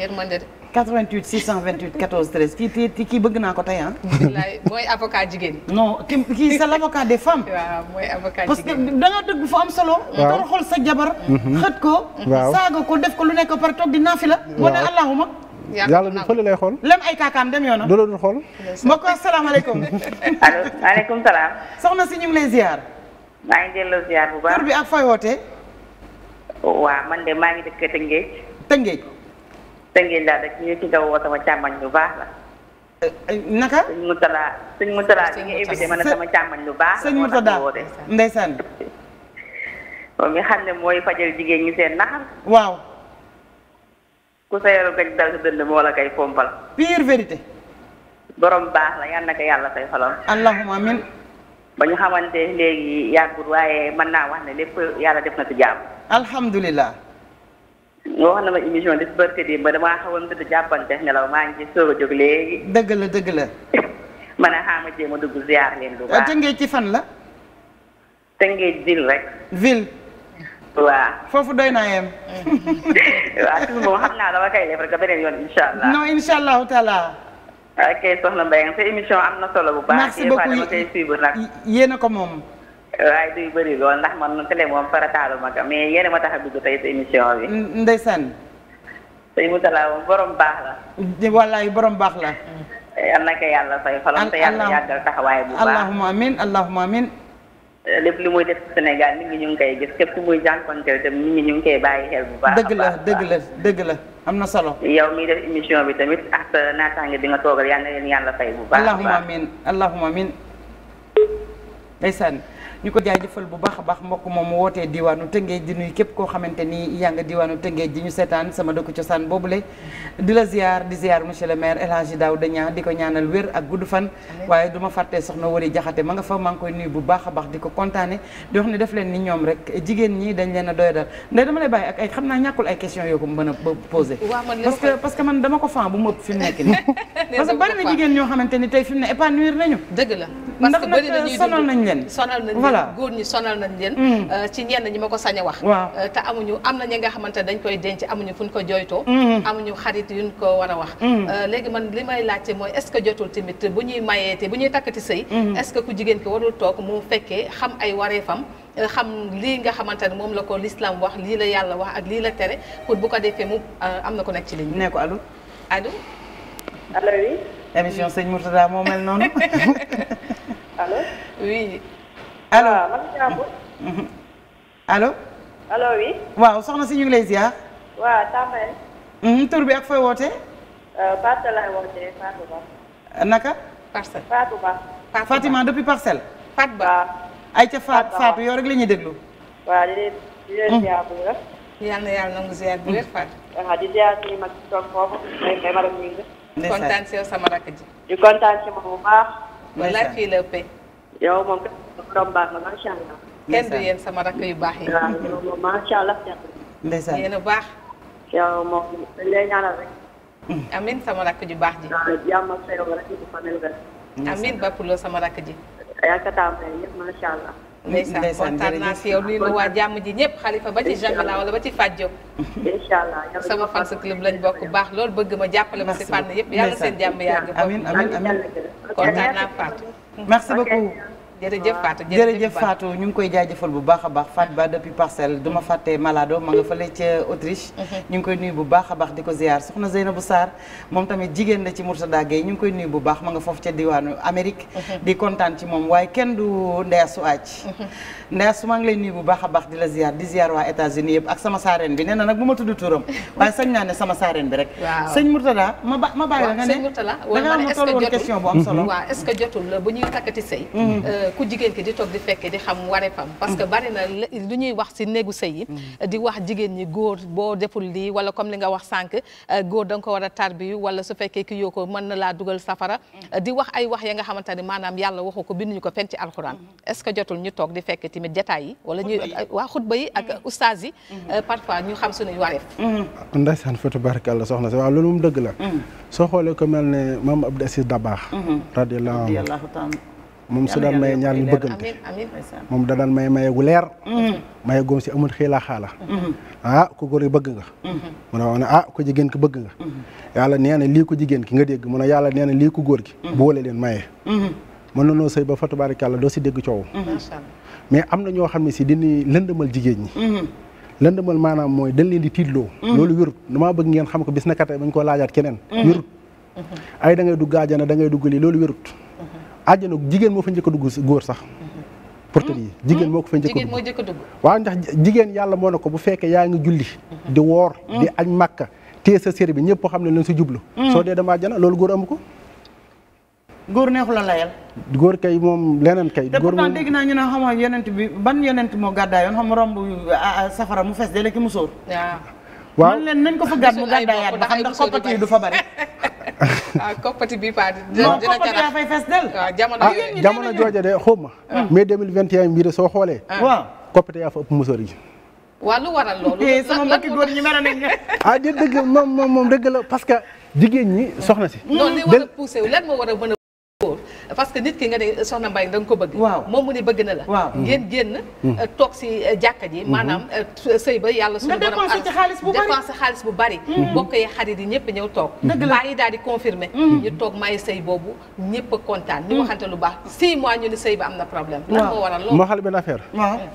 Speaker 1: kii bëgg naa ko tey ah.
Speaker 3: bilaay mooy avocat jigéen ñi.
Speaker 1: non kii c'est l'avocat des femmes. (laughs)
Speaker 3: waaw
Speaker 1: parce que da nga fu am solo. waaw sa jabar. Mhm. xët ko. waaw saaga ko def ko lu nekk par toog di naafi la. boo nee allahuma. yàlla na fële lay xool. lem ay kaakaam dem yoonam. doo doon xool. mbokk asalaamaaleykum. (laughs) allo maaleykum salaam. soxna si ñu lay ziar.
Speaker 6: maa ngi delloo ziar bu baax. tur bi ak fooy wootee. man de maa ngi dëkk Tëngéej. Tëngéej. Tëngéej laa dëkk ñu ci woo sama càmmañ bu baax la. Eh, eh, naka. sëñ Moutala sëñ Moutala bi nga invité ma ne sama càmmañ lu baax. sëñ Moutala ndeysaan. (laughs) moom mi xam ne mooy fajal jigéen ñi seen naxar. waaw. ku sa yaru gaj dal sa dënd moo la koy fompal pire vérité borom baax la yal na ko yàlla fay xolom allahumma amin ba ñu xamante léegi yàggut waaye man naa wax ne lépp yàlla def na ci jàmm
Speaker 1: alhamdulilah
Speaker 6: nga wax na ma émission def barke di ba damaa xawoon dëdd jàppante nelaw maa ngi ci soog a jóg léegi
Speaker 1: dëgg la dëgg la
Speaker 6: (laughs) man a xaama jéem a dugg ziar leen lu baax
Speaker 1: tëngéej ci fan la
Speaker 6: tëngéej ville rek waaw foofu doy naa yem. waaw tur moom xam naa dama koy def taala. ok soxna Mbayang sa na solo bu baax. merci beaucoup dama koy suivre nag.
Speaker 1: yéen a ko moom.
Speaker 6: waaye du bëri lool ndax man télé moom farataalu ma ko mais yéen a ma tax a dugg tey sa émission bi. ndeysaan. tey mu talaa borom baax
Speaker 1: la. wallaay borom baax la.
Speaker 6: yal na ko yàlla fay xolam te yàlla yàggal taxawaay amin
Speaker 1: allahumma amin.
Speaker 6: Euh, lépp lu muy def Sénégal nit ñi ñu ngi koy gis képp ku muy jànkonteel itam nit ñu ngi koy bàyyi xel bu baax dëgg
Speaker 1: la dëgg la dëgg la am na solo. yow
Speaker 6: miy def émission bi tamit ak sa naataange bi nga toogal yal na leen
Speaker 1: yàlla fay bu baax. allahumma amiin allahumma amiin ndeysaan ñu ko jaajëfal bu baax a baax mbokk moom wootee diwaanu Tëngéej di nuyu képp koo xamante ni yaa nga diwaanu Tëngéej di ñu seetaan sama dëkku cosaan boobule di la ziar di ziar monsieur le maire El Hadji Daouda di ko ñaanal wér ak gudd fan waaye du ma soxna wari jaxate ma nga fa maa koy nuyu bu baax a baax di ko kontaane di wax ne def leen ni ñoom rek jigéen ñi dañ leen a doy ndax dama lay bàyyi ak ay xam naa ñàkkul ay question yoo (laughs) (laughs) voilà góor
Speaker 3: ñi sonal nañ leen mm. euh, ci ñenn ñi ma ko sañ a wax waaw euh, te amuñu am na ñi nga xamante dañ koy denc amuñu fu ñu ko jooytoo mm. amuñu xarit yu yuñ ko war a wax mm. euh, léegi man li may laajte mooy est-ce que jotul tamit bu ñuy mayeete bu ñuy takkati sëy est-ce que ku jigéen ki warul toog mu fekkee xam ay wareefam xam lii nga xamante ne moom la ko l'islam wax lii la yàlla wax ak lii la tere pour bu ko defee mu am na ko nekk ci ligne bi. ne ko allo. allo. allo
Speaker 1: oui. émission sëñ Mourtada (laughs) alo (laughs) waaw man Diabo. soxna si ñu ngi lay ziar. waaw Tamba. Mm-hmm, tur bi ak fooy wootee. Euh, ba. naka.
Speaker 3: parcelle Fatou
Speaker 1: depuis parcelle. Fatou Ba. ay ca Fatou Fatou yow rek la ñuy déglu.
Speaker 3: waaw di leen di leen mm-hmm. bu wér. yal mm-hmm. di ziar
Speaker 6: suñu mag ñu ngi. kontaan si yow sama fii la pay. yow moom
Speaker 3: kenn baax na macha allah. kenn du yéen sama rakk yu baax yi. waaw yow moom macha allah. ndeysaan baax. yow moom amin sama rakk ji baax ji. waaw jàmm ak sama rakk ji. yaakaar naa ne yëpp macha allah. ndeysaan kontaan naa si yow nuyu na waa jàmm ji ñëpp xalifa ba ci Jamala wala ba ci Fadio. incha sama fan sa club lañ bokk baax lool bëgg ma jàppale ma si fànn yëpp yàlla seen jàmm yàgg. amiin
Speaker 1: amiin amiin kontaan naa Fatou. merci beaucoup jërëjëf Fatou jërëjëf Fatou ñu ngi koy jaajëfal bu baax a baax Fatou baa depuis parcelle du ma fàtte malado ma nga fële ca Autriche mhm. ñu ngi koy nuyu bu baax a baax di ko ziar soxna bu saar moom tamit jigéen la ci Mourtada Gueye ñu ngi koy nuyu bu baax ma nga foofu ca diwaanu Amérique mhm. di kontaan ci moom waaye kenn du ndeya su aaj ndaa su maa ngi lay nuyu bu baax a baax di la ziar di ziar waa États-Unis yëpp ak sama saareen bi nee na nag bu ma tudd turam (laughs) waaye sañ naa ne sama saareen bi rek sëñ Mourtada ma ba ma bàyyi la nga ne sëñ Mourtada da nga toll woon question bu am solo waaw
Speaker 3: est-ce que jotul bu ñuy takkati sëy mm-hmm. euh, ku jigéen ki di toog di fekke di xam ware fam parce que mm-hmm. bari na lu ñuy wax si néegu sëy yi mm-hmm. di wax jigéen ñi góor boo deful lii wala comme li nga wax sànq euh, góor da nga ko war a tarbiyu wala su fekkee ki yoo ko mën na laa dugal safara di wax ay wax ya nga xamante ne maanaam yàlla waxu ko binduñu ko fenn ci alxuraan est-ce que jotul ñu toog di fekkati tamit jataay yi wala ñu waa xutba yi ak mm-hmm. ustaas yi mm-hmm. euh, parfois ñu xam suñuy wareef
Speaker 4: mm-hmm.
Speaker 2: ah, ndeysaan fatu barkàlla soxna si waaw loolu moom dëgg la soo xoolee ko mel ne maam Abdou Aziz Dabaax radiyallahu moom su daan maye ñaar ñu bëggante moom da daan maye maye gu leer maye goom si amul xiilaa xaala ah ku góor yi bëgg nga mu a wax ne ah ku jigéen ki bëgg nga yàlla nee na lii ku jigéen ki nga dégg mu ne yàlla nee lii ku góor ki boole leen maye mën na noo sëy ba fa tubaarikàlla doo si dégg coow mais am na ñoo xam ne si dañuy lëndëmal jigéen ñi. Mhm. lëndëmal maanaam mooy dañ leen di tiitloo. Mhm. loolu wérut damaa bëgg ngeen xam ko bis na kat bañ koo laajaat keneen. Mhm. wérut ay da ngay dugg àjjana da ngay dugg lii loolu wérut. àjjana jigéen moo fa njëkk a dugg góor sax. porteurs yi jigéen moo ko fa njëkk a ndax jigéen yàlla moo ne ko bu fekkee yaa ngi julli. di woor di añ màkka téye sa sér bi ñëpp xam ne leen si jublu. soo dee dem àjjana loolu góor amu ko. góor neexu la layal. góor kay moom leneen kay. góor moom te pourtant
Speaker 1: dégg naa ñu ne xam nga yonent bi ban yonent
Speaker 2: ba
Speaker 3: xam ndax koppati yi du fa bari. (laughs) ah koppati ah, ah,
Speaker 2: de xaw ma. Ah. mai 2021 bii de soo xoolee. waaw koppati yaa fa ëpp musóor yi.
Speaker 3: waaw lu waral eh, (laughs)
Speaker 2: moom dëgg la parce jigéen ñi soxna si. loolu li war a
Speaker 3: poussé lan moo war a mën a parce que nit ki nga ne soxna Mbaye da nga ko bëgg moom mu ne bëgg na la waaw mm-hmm. euh, toog si euh, jàkka ji mm-hmm. maanaam euh, sëy ba yàlla suñu borom dépensé xaalis bu bari mm-hmm. bokk yi xarit yi ñëpp ñëw toog baa yi daal di confirmé ñu toog may sëy boobu ñëpp kontaan ñu waxante lu baax six mois ñu ne sëy ba am na problème lan moo waral loolu moo
Speaker 2: xal benn affaire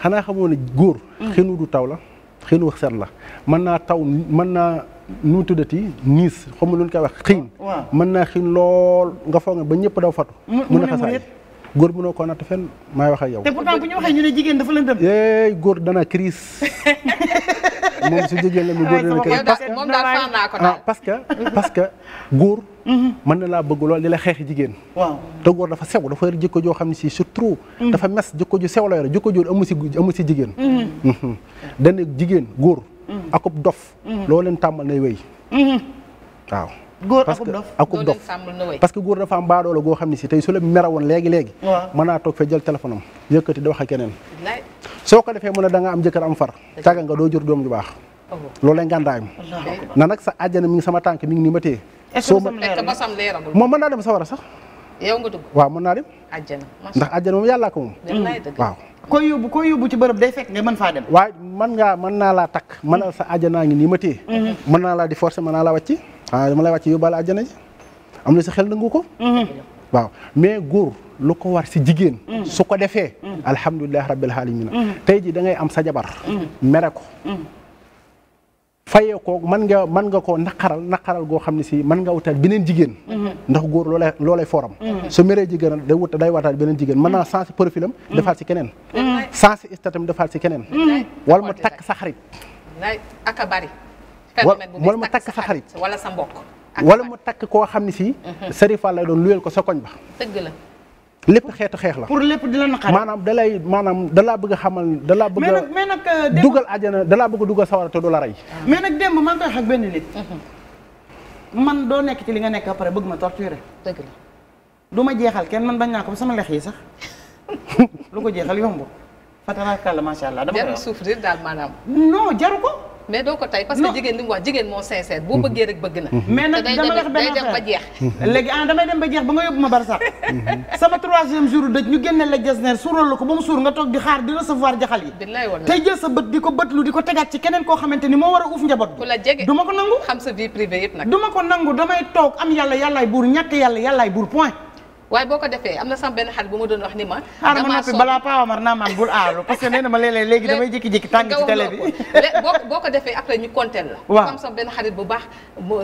Speaker 2: xanaa xamoo ne góor mm. xinu du taw la xinu seet la mën naa taw mën naa nu mu ti niis xam nga lu ñu koy wax xiin. mën naa xiin lool nga foog ne ba ñëpp daw fatu. mu ne mu góor mënoo koo wax yow. te dafa lëndëm. yeey góor dana crise (laughs) moom su jigéen la mu góor dana crise ah, parce que moom parce que parce que góor. Mhm. mën na laa bëgg lool di la xeexi jigéen. waaw te góor dafa sew dafa yor jikko joo xam ne si surtout. Mhm. dafa mes jikko ju sew la yor jikko ju amu si amu jigéen. Mhm. dañ ne jigéen góor. Mhm. akub dof. Mhm. loo leen tàmmal nay wéy. Mhm. waaw. góor akub dof akub dof parce que góor dafa am baadoo goo xam ne si tey su la merawoon léegi léegi. waaw mën naa toog fee jël téléphone am yëkkati keneen. soo ko defee mu ne da nga am jëkkër am far. tàgga nga doo jur doom ju baax. Oh. loolu lay ngàndaayam na nag sa àjjana mi ngi sama tànk mi ngi ni ma téye. soo ma moom mën naa dem sawara sax. yow nga dugg waaw mën naa dem. ndax àjjana moom yàllaa ko moom. waaw koy yóbbu koy yóbbu ci bërëb day fekk nga mën faa dem. waaye man ngaa man naa laa takk mënal sa àjjanaa ngi nii ma téye. Mhm. mën naa laa di forcer mën naa laa wàcci ah dama lay wàcc yóbbaale àjjana ji am na sa xel nangu ko. Mhm. waaw mais góor lu ko war si jigéen. Mhm. su ko defee. alhamdulilah rabbil alamin tey ji da am sa jabar mere ko. fayee ko man nga mën nga koo naqaral naqaral goo xam ne si man nga wutaat beneen jigéen mm-hmm. ndax góor loolay loolay mm-hmm. su meree jigéen day wut day wataat beneen jigéen man naa sensé profil mm-hmm. am defaat si keneen sensé statam defaat ci keneen wala mu takk sa xarit aka bari wala mu takk wala sa mbokk wala mu takk koo xam ne si sarifa lay doon luyel ko sa koñ ba lépp xeetu xeex la. pour lépp
Speaker 1: di la naqare maanaam
Speaker 2: da lay maanaam dalaa laa bëgg a xamal. da laa bëgg a mais nag euh, dugal àjjana da bëgg dugal sawara te du la ah.
Speaker 1: mais nag démb maa ngi koy wax ak benn nit. Mhm. man doo nekk ci li nga nekk ba pare bëgg ma torturer. dëgg la du ma jeexal kenn man bañ naa ko ba sama lex yi sax (laughs) lu ko jeexal yomb fatara
Speaker 3: la macha allah. dama ko suuf jaru ko. mais doo ko tey parce que jigéen li mu wax jigéen moo sincère boo bëggee rek bëgg na. Mm-hmm. mais nag dama def ba jeex. (laughs) léegi ah damay dem ba jeex ba nga yóbbu
Speaker 1: ma bar sax mm-hmm. sama troisième jour dëj ñu génne la Getzner suural la ko ba mu suur nga toog di xaar di recevoir jaxal yi. tey jël sa bët di ko lu di ko tegaat ci keneen koo xamante ni moo war a uuf njaboot bi.
Speaker 3: ku ko nangu damay toog am yàlla yàllaay buur ñàkk yàlla yàllaay buur point waaye boo ko defee am na sama benn xarit bu ma doon wax ni ma. xaaral ma noppi balaa Paa Omar naa maam bul aalu parce
Speaker 1: que nee na ma léeg-léeg léegi damay jékki-jékki tàng ci télé bi.
Speaker 3: boo ko defee après ñu compter la. waaw am sama benn xarit bu baax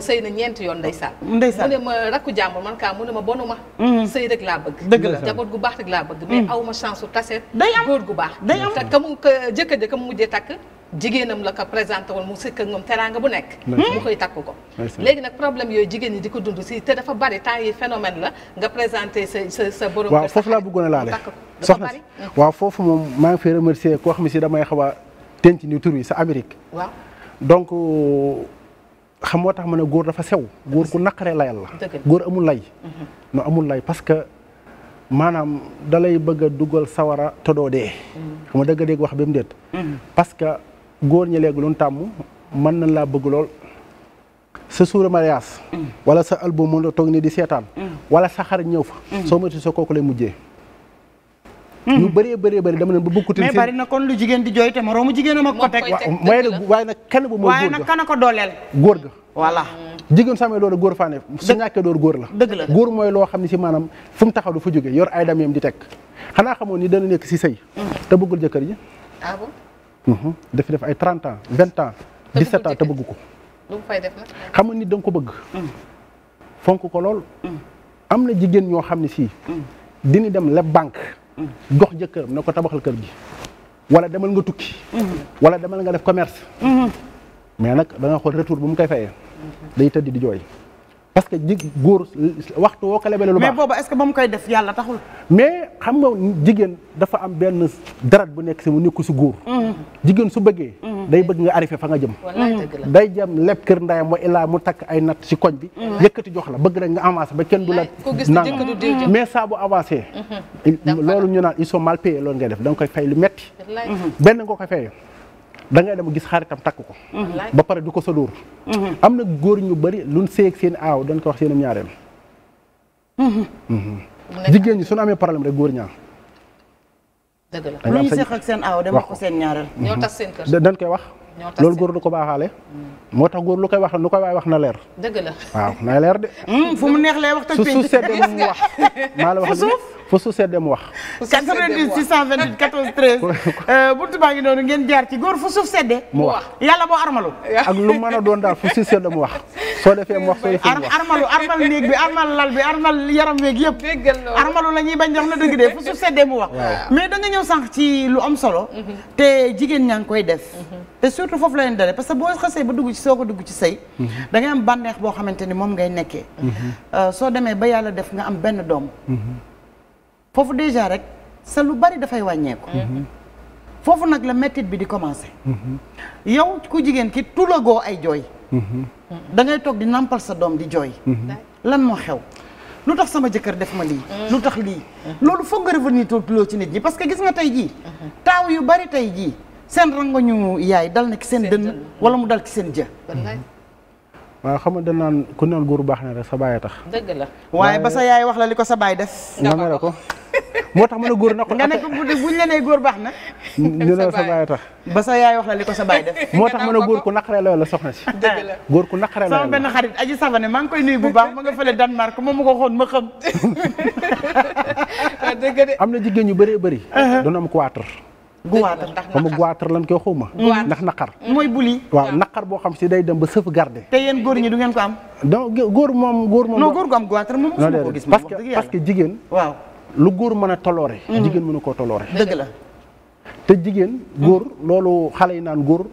Speaker 3: sëy na ñeenti yoon ndeysaan. ndeysaan mu ne ma rakku jàmbur man kaa mu ne ma bonu ma. Mm-hmm. sëy rek laa bëgg. dëgg la jaboot gu baax rek laa bëgg. Mm. mais aw ma chance su taseet. day am góor gu baax. day am ka mu jëkkër ja ka mu mujjee takk jigéenam la ko présenté woon mu sëkk ak moom teraanga bu nekk mu koy takk ko léegi nag problème yooyu jigéen ñi di ko dund si te dafa bari temps yi phénomène la nga présenté sa sa sa borom waaw foofu
Speaker 2: laa a laale soxna waaw foofu moom maa ngi fay remercier koo xam si damay xaw a tenc ni tur yi sa Amérique waaw donc xam moo tax ma ne góor dafa sew góor ku naqaree layal la góor amul lay mhm. non amul lay parce que maanaam dalay bëgg a dugal sawara te doo dee mhm. xam dëgg dégg wax ba mu déet mhm. parce góor ñi léegi lu tàmm man nañ laa bëgg lool sa suura mariage wala sa album mën a toog ni di seetaan wala sa xarit ñëw fa soo moytu sa kooku lay mujjee ñu bëree bëree bëri dama leen ba bëggutil mais bari
Speaker 1: na kon jigéen di jooy te moroomu jigéenam ak ko teg waaye nag kenn bu mooy waaye nag kana ko dooleel
Speaker 2: góor ga voilà door góor la dëgg la góor loo xam ne si maanaam fu mu taxaw du fa jóge yor ay dameem di teg xanaa xamoon ni dana nekk si sëy mm. te bëggul jëkkër ji ah Mhm. dafa def ay 30 ans 20 ans. 17 te bëgg ko. lu mu fay def nag. nit da nga ko bëgg. Mm. fonk ko lool. Mm. am na jigéen ñoo xam ne sii. Mm. dina dem leb banque. jox jëkkër na ko tabaxal kër gi. wala demal nga tukki. wala demal nga def commerce. Mm-hmm. mais nag da nga xool retour bu mu koy fayee.
Speaker 4: Mm-hmm.
Speaker 2: day tëdd di jooy. parce que jig góor waxtu woo ko lebele lu baax mais boobu
Speaker 1: est-ce que ba mu koy def yàlla taxul.
Speaker 2: mais xam nga jigéen dafa am benn darat bu nekk si mu nekku si góor. Mm-hmm. jigéen su bëggee. Mm-hmm. day bëgg nga arrivé fa nga jëm. day jëm leb kër ndayam wa illaa mu takk ay natt si koñ bi. Mm-hmm. yëkkati jox la bëgg rek nga avancé ba kenn du la. naan mais saa bu avancé. loolu ñu naan ils sont mal payés loolu ngay def da koy fay lu metti benn nga koy fay. da ngay dem gis xaritam takk ko. ba pare du ko sa dóor. Mhm. am na góor ñu bari lu seeg seen aaw dañ ko wax seen ñaareel. Mhm. Mhm. jigéen ñi suñu amee problème rek góor ñaar.
Speaker 1: dëgg la lu ñu seq ak seen aaw ko seen ñaareel. ñoo dañ koy wax. loolu
Speaker 2: góor du ko baaxaale. moo tax góor lu koy wax lu koy waay wax na leer.
Speaker 3: dëgg la waaw
Speaker 2: na leer de. fu mu neex lay wax tëj su su seddee mu wax. maa la wax fa su seddem wax. 90 628 14 13.
Speaker 1: buntu baa ngi noonu ngeen jaar ci góor fu suuf sedde mu wax yàlla boo armalu. ak lu
Speaker 2: man a doon daal fu suuf sedde mu wax. soo defee mu wax soo defee mu wax.
Speaker 1: armalu armal néeg bi armal lal bi armal yaram weeg yëpp. armalu la bañ jox na dëgg de fu suuf sedde mu wax. mais da nga ñëw sànq ci lu am solo. Mhm. te jigéen ñaa ngi koy def. Mhm. te surtout foofu la leen dalee parce que boo xasee ba dugg ci soo ko dugg ci say mhm. da ngay am bànneex boo xamante ni moom ngay nekkee. Euh, soo demee ba yàlla def nga am benn doom foofu déjà rek sa lu bari dafay wàññeeku. Mhm. foofu nag la mettit bi di commencer. Mhm. yow ku jigéen ki tulagoo ay jooy. Mhm. da ngay toog di nàmpal sa doom di jooy. lan moo xew lu tax sama jëkkër def ma lii. lu tax lii loolu foog nga revenir loo ci nit ñi parce que gis nga tey jii. taaw yu bari tey jii seen rangoñu yaay dal na ci seen dënn wala mu dal ci seen jë.
Speaker 2: waaw xam nga dañ naan ku naan góor baax na rek sa tax.
Speaker 1: dëgg la waaye ba sa yaay wax la li ko sa baay def. nga
Speaker 2: mere ko moo tax mën a na ko. nga ne ko
Speaker 1: buñ la nee góor baax na.
Speaker 2: ñu ne la tax. ba sa yaay wax la li ko sa baay def. moo tax mën a góor ku naqaree la la soxna si. la góor ku naqaree la sama benn
Speaker 1: xarit aji savane maa ngi koy nuyu bu baax ma nga fële Danemark moom ma ko xoon ma xam. (laughs)
Speaker 2: dëgg de am na jigéen ñu bëree bëri. Uh-huh. dana am quatre. guwaatar ndax xaw ma guwaatar lan koy xaw ma ndax naqar mooy buli waaw naqar boo xam si day dem ba sëf garde te yéen góor ñi du ngeen ko am donc góor moom góor moom non góor gu am guwaatar moom mosuma ko gis parce que parce jigéen waaw lu góor mën a toloore mm-hmm. jigéen mën a koo toloore dëgg la te jigéen góor loolu xale yi naan góor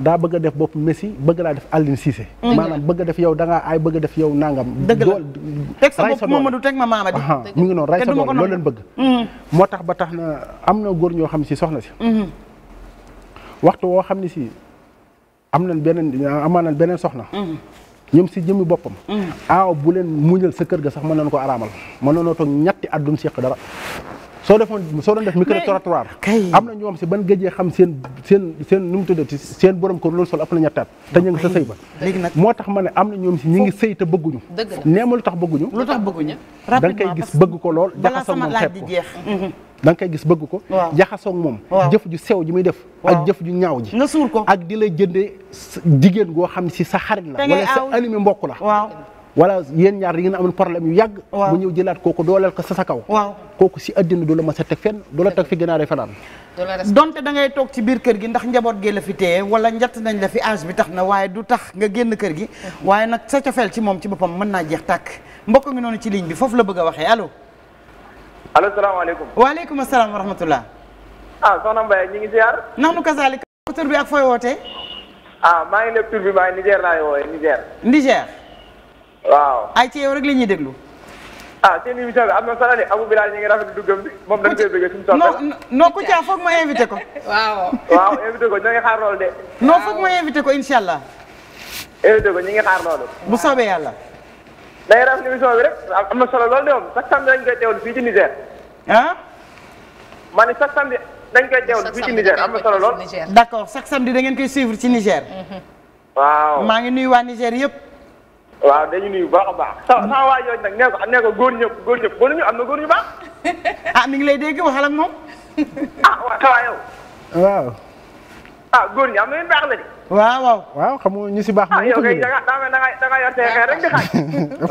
Speaker 2: daa bëgg a def bopp Messi bëgg laa def Aline Cissé. maanaam bëgg def yow da ay bëgg a def yow nangam. dëgg la teg sa bopp Mamadou teg ma Mamadi. mu ngi noonu ray sa doole bëgg. Mm-hmm. moo tax ba tax na am na góor ñoo xam si soxna si. Mm-hmm. waxtu woo xam ne si am nañ beneen amaa beneen soxna. Mm-hmm. ñoom si jëmmi boppam. aaw bu leen muñal sa kër ga sax mën nañ ko araamal ma nañoo toog ñetti at duñ seq dara. soo defoon soo doon def micro trottoir am na ñoom si ban géejee xam seen seen seen nu mu seen borom ko loolu sol ëpp na ñettaat te ñu ngi sa sëy ba moo tax ma ne am na ñoom si ñi ngi sëy te bëgguñu neema lu tax bëgguñu lu tax bëgguñu da nga gis bëgg ko lool jaxasoo moom xeeb ko mhm. Mhm. da nga koy gis bëgg ko jaxasoo moom jëf ju sew ji may def ak jëf ju ñaaw ji nga suul ko ak di lay jëndee jigéen goo xam si sa xarit la wala sa alimi mbokk la wala yéen ñaar yi ngeen amoon problème yu yàgg mu ñëw jëlaat kooku dooleel ko sa sa kaw waaw kooku si addina du la ma sa teg fenn du la teg fi gënaaree fanaan
Speaker 1: donte da ngay toog ci biir kër gi ndax njaboot gi la fi te wala njatt nañ la fi âge bi tax na waaye du tax nga génn kër gi waaye nag sa cofeel ci moom ci boppam mën naa jeex tàkk mbokk mi noonu ci ligne bi foofu la bëgg a waxee allo
Speaker 5: allo salaamaaleykum
Speaker 1: waaleykum asalaam wa rahmatullah
Speaker 5: ah soxna Mbaye ñu ngi ziar
Speaker 1: nanu kasaalika bi ak fooy wootee
Speaker 5: ah maa ngi lépp tur laay woowee
Speaker 1: Niger Niger waaw ay ci yow rek la ñuy déglu. ah seen émission bi
Speaker 5: am na solo de Abou Bilal ñu ngi rafetlu duggam bi moom dañ koy bëgg suñu soxla. non
Speaker 1: non Kouthia foog ma invité ko. waaw
Speaker 5: waaw invité ko
Speaker 1: ñoo foog ma invité ko incha allah.
Speaker 5: invité ko ñu ngi xaar loolu.
Speaker 1: bu soobee yàlla.
Speaker 5: day rafetlu émission bi rek am na solo loolu de moom chaque samedi dañ koy teewlu fii ci dañ koy teewlu fii ci Niger
Speaker 1: ah? am na solo lool. d' accord chaque da ngeen koy suivre ci Niger. waaw maa ngi nuyu waa
Speaker 5: Niger yëpp. waaw dañu nuyu bu baax sa sa waa yooyu nag nee ko nee ko góor ñëpp góor ñëpp góor ñu am na góor ñu baax. (laughs) ah mi ngi lay dégg waxal ak moom. (laughs) ah waaw sa waa yow. waaw. ah góor ñi am na leen baax la de.
Speaker 2: waaw waaw waaw xam nga ñu si baax. ah yow kay da nga
Speaker 5: da nga da nga yor see xeer rek di xaaj.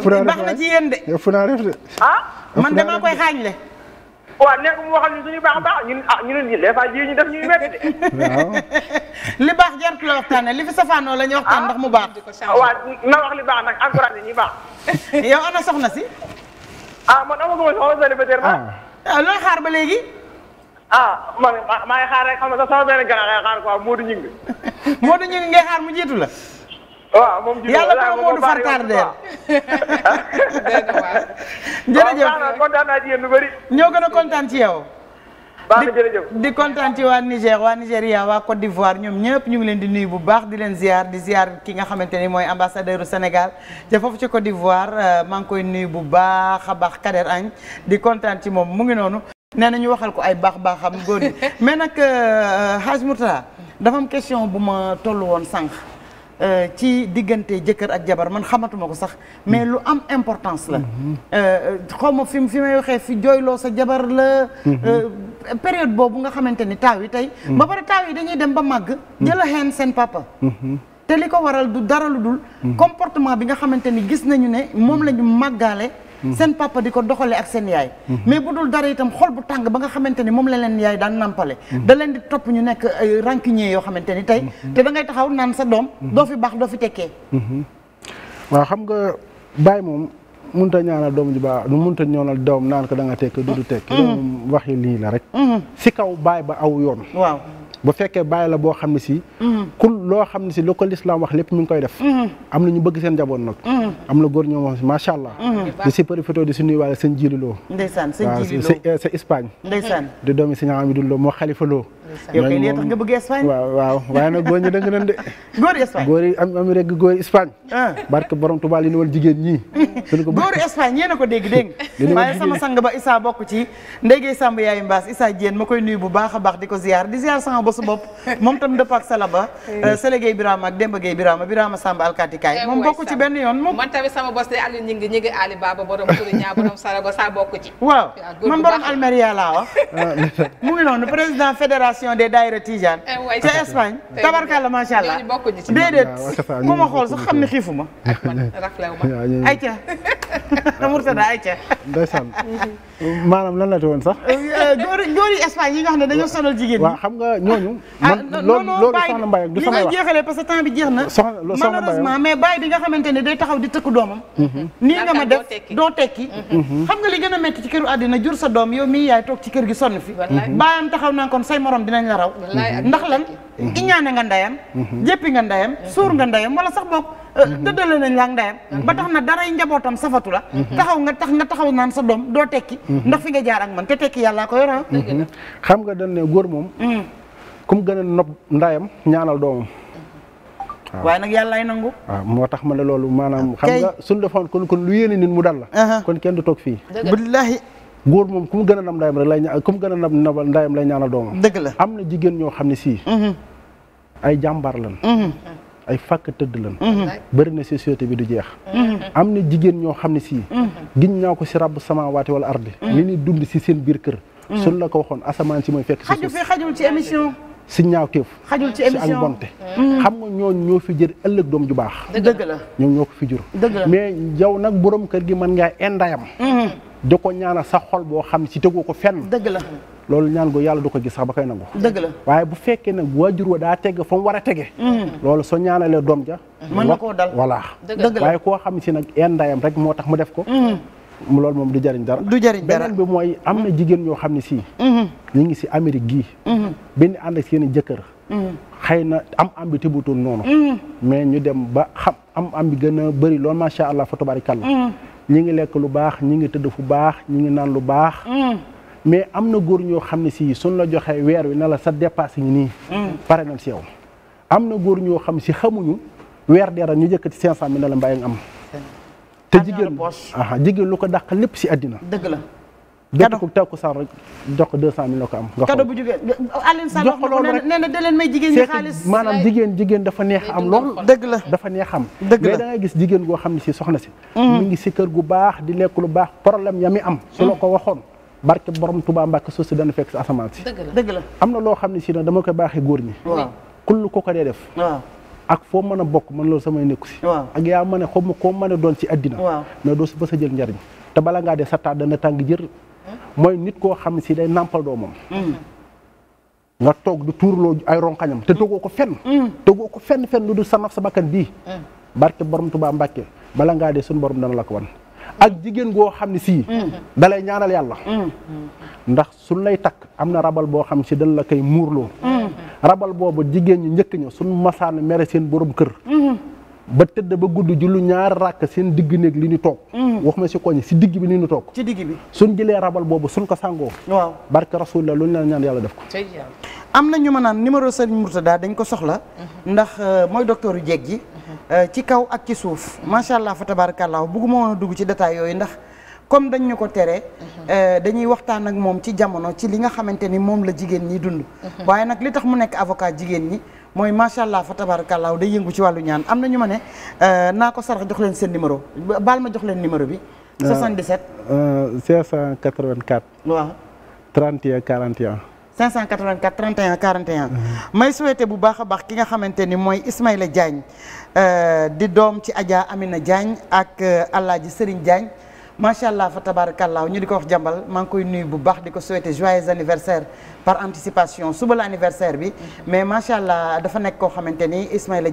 Speaker 5: (laughs) baax na de. ëpp naa de. ah koy xaaj le. waaw nekk mu waxal ñu suñu baax a baax ñun ah ñu ne nii des fois ji ñu def ñuy
Speaker 1: métti de. (laughs) li baax jarut la waxtaanee li fi safaanoo la ñu waxtaan ndax mu ah. baax. na wax li baax nag encouragé ñi baax. (laughs) yow ana soxna si. ah ma. Ah. ah looy xaar ba léegi. ah man maa ngi xaar rek xam nga
Speaker 5: sax sama benn gànnaar xaar quoi Modou Ngingue. (laughs) Modou Ngingue ngay xaar mu jiitu la. waaw ah, moom judo yàlla ko moom
Speaker 1: (laughs) ñoo gën kontaan ci yow. baax na di kontaan ci waa Niger waa Nigéria waa Côte d'Ivoire ñoom ñëpp ñu ngi leen di nuyu bu baax di leen ziar di ziar nga xamante ni mooy ambassadeur u foofu ci Côte d'Ivoire euh, maa ngi koy nuyu bu baax a baax Kader Agne di kontaan ci moom mu ngi noonu. nee na ñu waxal ko ay baax baaxam góor yi (laughs) mais nag euh, euh, Hadj Mourtala dafa am question bu ma toll woon sànq. Euh, ci diggante jëkkër ak jabar man xamatuma ko sax mais lu am importance la euh, xaw ma fi fi may waxee fi jooyloo sa jabar la euh, période boobu nga xamante ni taaw yi tey ba pare taaw yi dañuy dem ba màgg jëla xeen seen papa te li ko waral du dara lu dul mm-hmm. comportement bi nga xamante ni gis nañu ne moom la ñu màggaale Mm-hmm. seen papa di ko doxalee ak seen yaay mm-hmm. mais bu dul dara itam xol bu tàng ba nga xamante ni moom la leen yaay daan nampale mm-hmm. da leen di topp ñu nekk ay yoo xamante ni tey te da ngay taxaw naan sa doom doo fi baax doo fi tekkee
Speaker 2: waaw xam nga baay moom mun ta ñaanal doom ji baax mënut a ñoonal doom naan ko da nga tekk du du tekk loolu moom waxi lii la rek si kaw baay ba aw yoon bu fekkee bàyyi la boo xam ne si. Mm-hmm. kul loo xam ne si lu ko lislaam wax lépp mi ngi koy def. Mm-hmm. am na ñu bëgg seen njaboot nag. Mm-hmm. am na góor ñoo wax macha allah. di si profité di si nuyuwaale seen jiilu loo.
Speaker 1: ndeysaan seen jiilu loo
Speaker 2: waaw eh, sa Espagne. ndeysaan di doomi si ñaar am moo xalifa loo
Speaker 1: yow kay liy tax nga
Speaker 2: bëgg Espagne. waaw waaw waaye nag góor ñi dëgg nañ de. (laughs) góor Espagne góor Espagne. Ah. barke (laughs) ko
Speaker 1: a ko dégg dégg
Speaker 2: (laughs) waaye sama sang
Speaker 1: ba Issa bokk ci ndéygay Samb yaayu Mbaas Issa Diène ma koy nuyu bu baax a baax di ko ziar di ziar sama bosu bopp moom itam dëpp ak Salaba. Euh, Sélé Gueye Birama ak Demba Gueye Birama Birama a alkaati kaay eh, moom bokk
Speaker 3: ci benn yoon moom. man tamit sama bos de Aliou ñu ngi Ali Baba borom Tourinha borom Sarago saa bokk ci.
Speaker 1: fédération des daayira Tijane. Eh, ca Espagne eh, tabarkalla macha allah. déedéet ah, ku a xool sax xam ne xiifu ah, ma. ak man rafetlu ma. ayca (laughs) (laughs)
Speaker 2: maanaam lan la woon sax.
Speaker 1: Euh, góor góor Espagne yi nga xam ne dañoo sonal jigéen ñi. waaw
Speaker 2: xam nga ñooñu. Ah, man loolu loolu soxna Mbaye du sama wax li may jeexalee
Speaker 1: parce que temps bi jeex na. soxna loolu bi nga xamante ne day taxaw di tëkk doomam. Mhm. nii nga ma def doo tekki. Mhm. Mhm. xam nga li gën a métti ci këru àddina jur sa doom yow mii yaay toog ci kër gi sonn fi. baayam taxaw naa kon say morom dinañ la raw. ndax lan iñaane nga ndayam. jéppi nga ndayam suur nga ndayam wala sax bokk dëddale mm-hmm. nañ la ak ndeyam mm-hmm. ba tax na daray njabootam safatu la mm-hmm. taxaw nga tax nga taxaw naan sa doom doo tekki ndax fi nga jaar man te tekki yàllaa ko yor ah.
Speaker 2: xam nga dañ ne góor moom kum gën a nopp ndayam ñaanal doomam waaw
Speaker 1: waaye nag yàlla ay nangu.
Speaker 2: Ah, moo tax ma ne loolu maanaam. Ah, xam nga suñu defoon kon kon lu yéene nit mu kon kenn du toog fii. billahi góor moom ku mu gën a nam ndayam rek lay ña ku gën a nam ndayam lay ñaanal doomam. dëgg la am na jigéen ñoo xam ne sii. ay jàmbaar lan ay fàkk tëdd lan mhm. bëri na société bi du jeex mhm. am na jigéen ñoo xam ne si mhm. giñ naa ko si rabb samawaati wala ardi li ñuy dund si seen biir kër suñ la ko waxoon asamaan si mooy fekk si suuf
Speaker 1: xajul ci émission
Speaker 2: si ñaawteef xajul ci émission si xam nga ñooñ ñoo fi jër ëllëg doom ju baax dëgg la ñoom ñoo ko fi jur mais yow nag boroom kër gi mën ngaa indayam di ko ñaana sax xol boo xam ne si tegoo ko fen dëgg la loolu ñaan ko yàlla du ko gis sax ba kay nangu. dëgg la waaye bu fekkee nag waajur wa daa teg fa mu war a tege. Mm-hmm. loolu soo ñaanalee doom ja. mën na koo dal voilà. dëgg la waaye koo xam ne si nag en rek moo tax mu def ko. Mm-hmm. loolu moom du jëriñ dara. du jëriñ dara beneen bi mooy am na jigéen ñoo xam ne si. Mm-hmm. ñu ngi si Amérique gii. benn ànd ak seen i jëkkër. xëy na am am bi tibutoon noonu. mais ñu dem ba xam am am bi gën a bëri loolu macha allah fa tabaarikàlla ñu ngi lekk lu baax ñu ngi tëdd fu baax ñu ngi naan lu baax. Mm. mais am na góor ñoo xam ne si suñ la joxee weer wi na la sa dépasse ngi nii. Mm. pare nañ si yow. am na góor ñoo xam si xamuñu weer dara ñu jëkk ci 500 mille na la mbay nga am. te jigéen ah jigéen lu ko dàq lépp si àddina dëgg la. gado dëkk takkusaan rek jox ko 200000 la ko am. nga xam gado
Speaker 1: bu jugee Alioune Sall wax na na da leen maanaam
Speaker 2: jigéen jigéen dafa neex am lool. dëgg dafa neex am. dëgg la mais da gis jigéen goo xam ne si soxna si. mu mm-hmm. ngi si kër gu baax di lekk lu baax problème ya mi am. su la mm-hmm. ko waxoon barke borom Tuubaa Mbàkke suuf si dana fekk si asamaan si. dëgg la am na loo xam ne si ne dama koy baaxee góor ñi. waaw ko ko dee def. ak foo mën a bokk man loolu samay nekku si ak yaa mën a xaw ma koo mën a doon si addina mais doo si ba sa jël njariñ te bala ngaa dee sa taat dana tàng jër mooy nit koo xam ne si day nàmpal doomam. nga toog du tuurloo ay ronkañam te tegoo ko fenn. tegoo ko fenn fenn lu dul sa naf sa bakkan bii. barke borom Tuubaa Mbàkke bala ngaa dee suñu borom dana la ko wan. ak jigéen goo xam ne sii. dalay ñaanal yàlla. ndax suñ lay takk am na rabal boo xam si dañ la koy muurloo. Mm. rabal boobu jigéen ñi njëkk ña suñ masaan mere seen borom kër. ba tëdd ba gudd jullu ñaar ràkk seen digg néeg li ñu toog mm. wax ma si koñ si digg bi li ñu toog ci digg bi suñ jëlee rabal boobu suñ ko sàngoo waaw barke rasulullah lu ñu la ñaan yàlla def ko
Speaker 1: am na ñu ma naan numéro Serigne Mourtada dañ ko soxla mm-hmm. ndax euh, mooy docteur yu jeeg ji mm-hmm. euh, ci kaw ak ci suuf macha allah fa tabarakallah bugguma woon a dugg ci détail yooyu ndax comme dañ ñu ko tere mm-hmm. euh, dañuy waxtaan ak moom ci jamono ci li nga xamante ni moom la jigéen ñi dund waaye nag li tax mu nekk avocat jigéen ñi mooy macha allah fa tabarakallah day yëngu ci wàllu ñaan am na ñu ma ne euh, naa ko sarax jox leen seen numéro baal ma jox leen numéro bi. 77.
Speaker 2: Euh, 584. Euh, waaw. 31 41.
Speaker 1: 584 31 41. may souhaité bu baax a baax ki nga xamante ni mooy Ismaïla Diagne di doom ci Adja Amina Diagne ak Alaaji Serigne Diagne. macha allah fa tabarakallah ñu di ko wax jàmbal maa ngi koy nuyu bu baax di ko souhaité joyeux anniversaire par anticipation suba la anniversaire bi mais macha allah dafa nekk koo xamante ni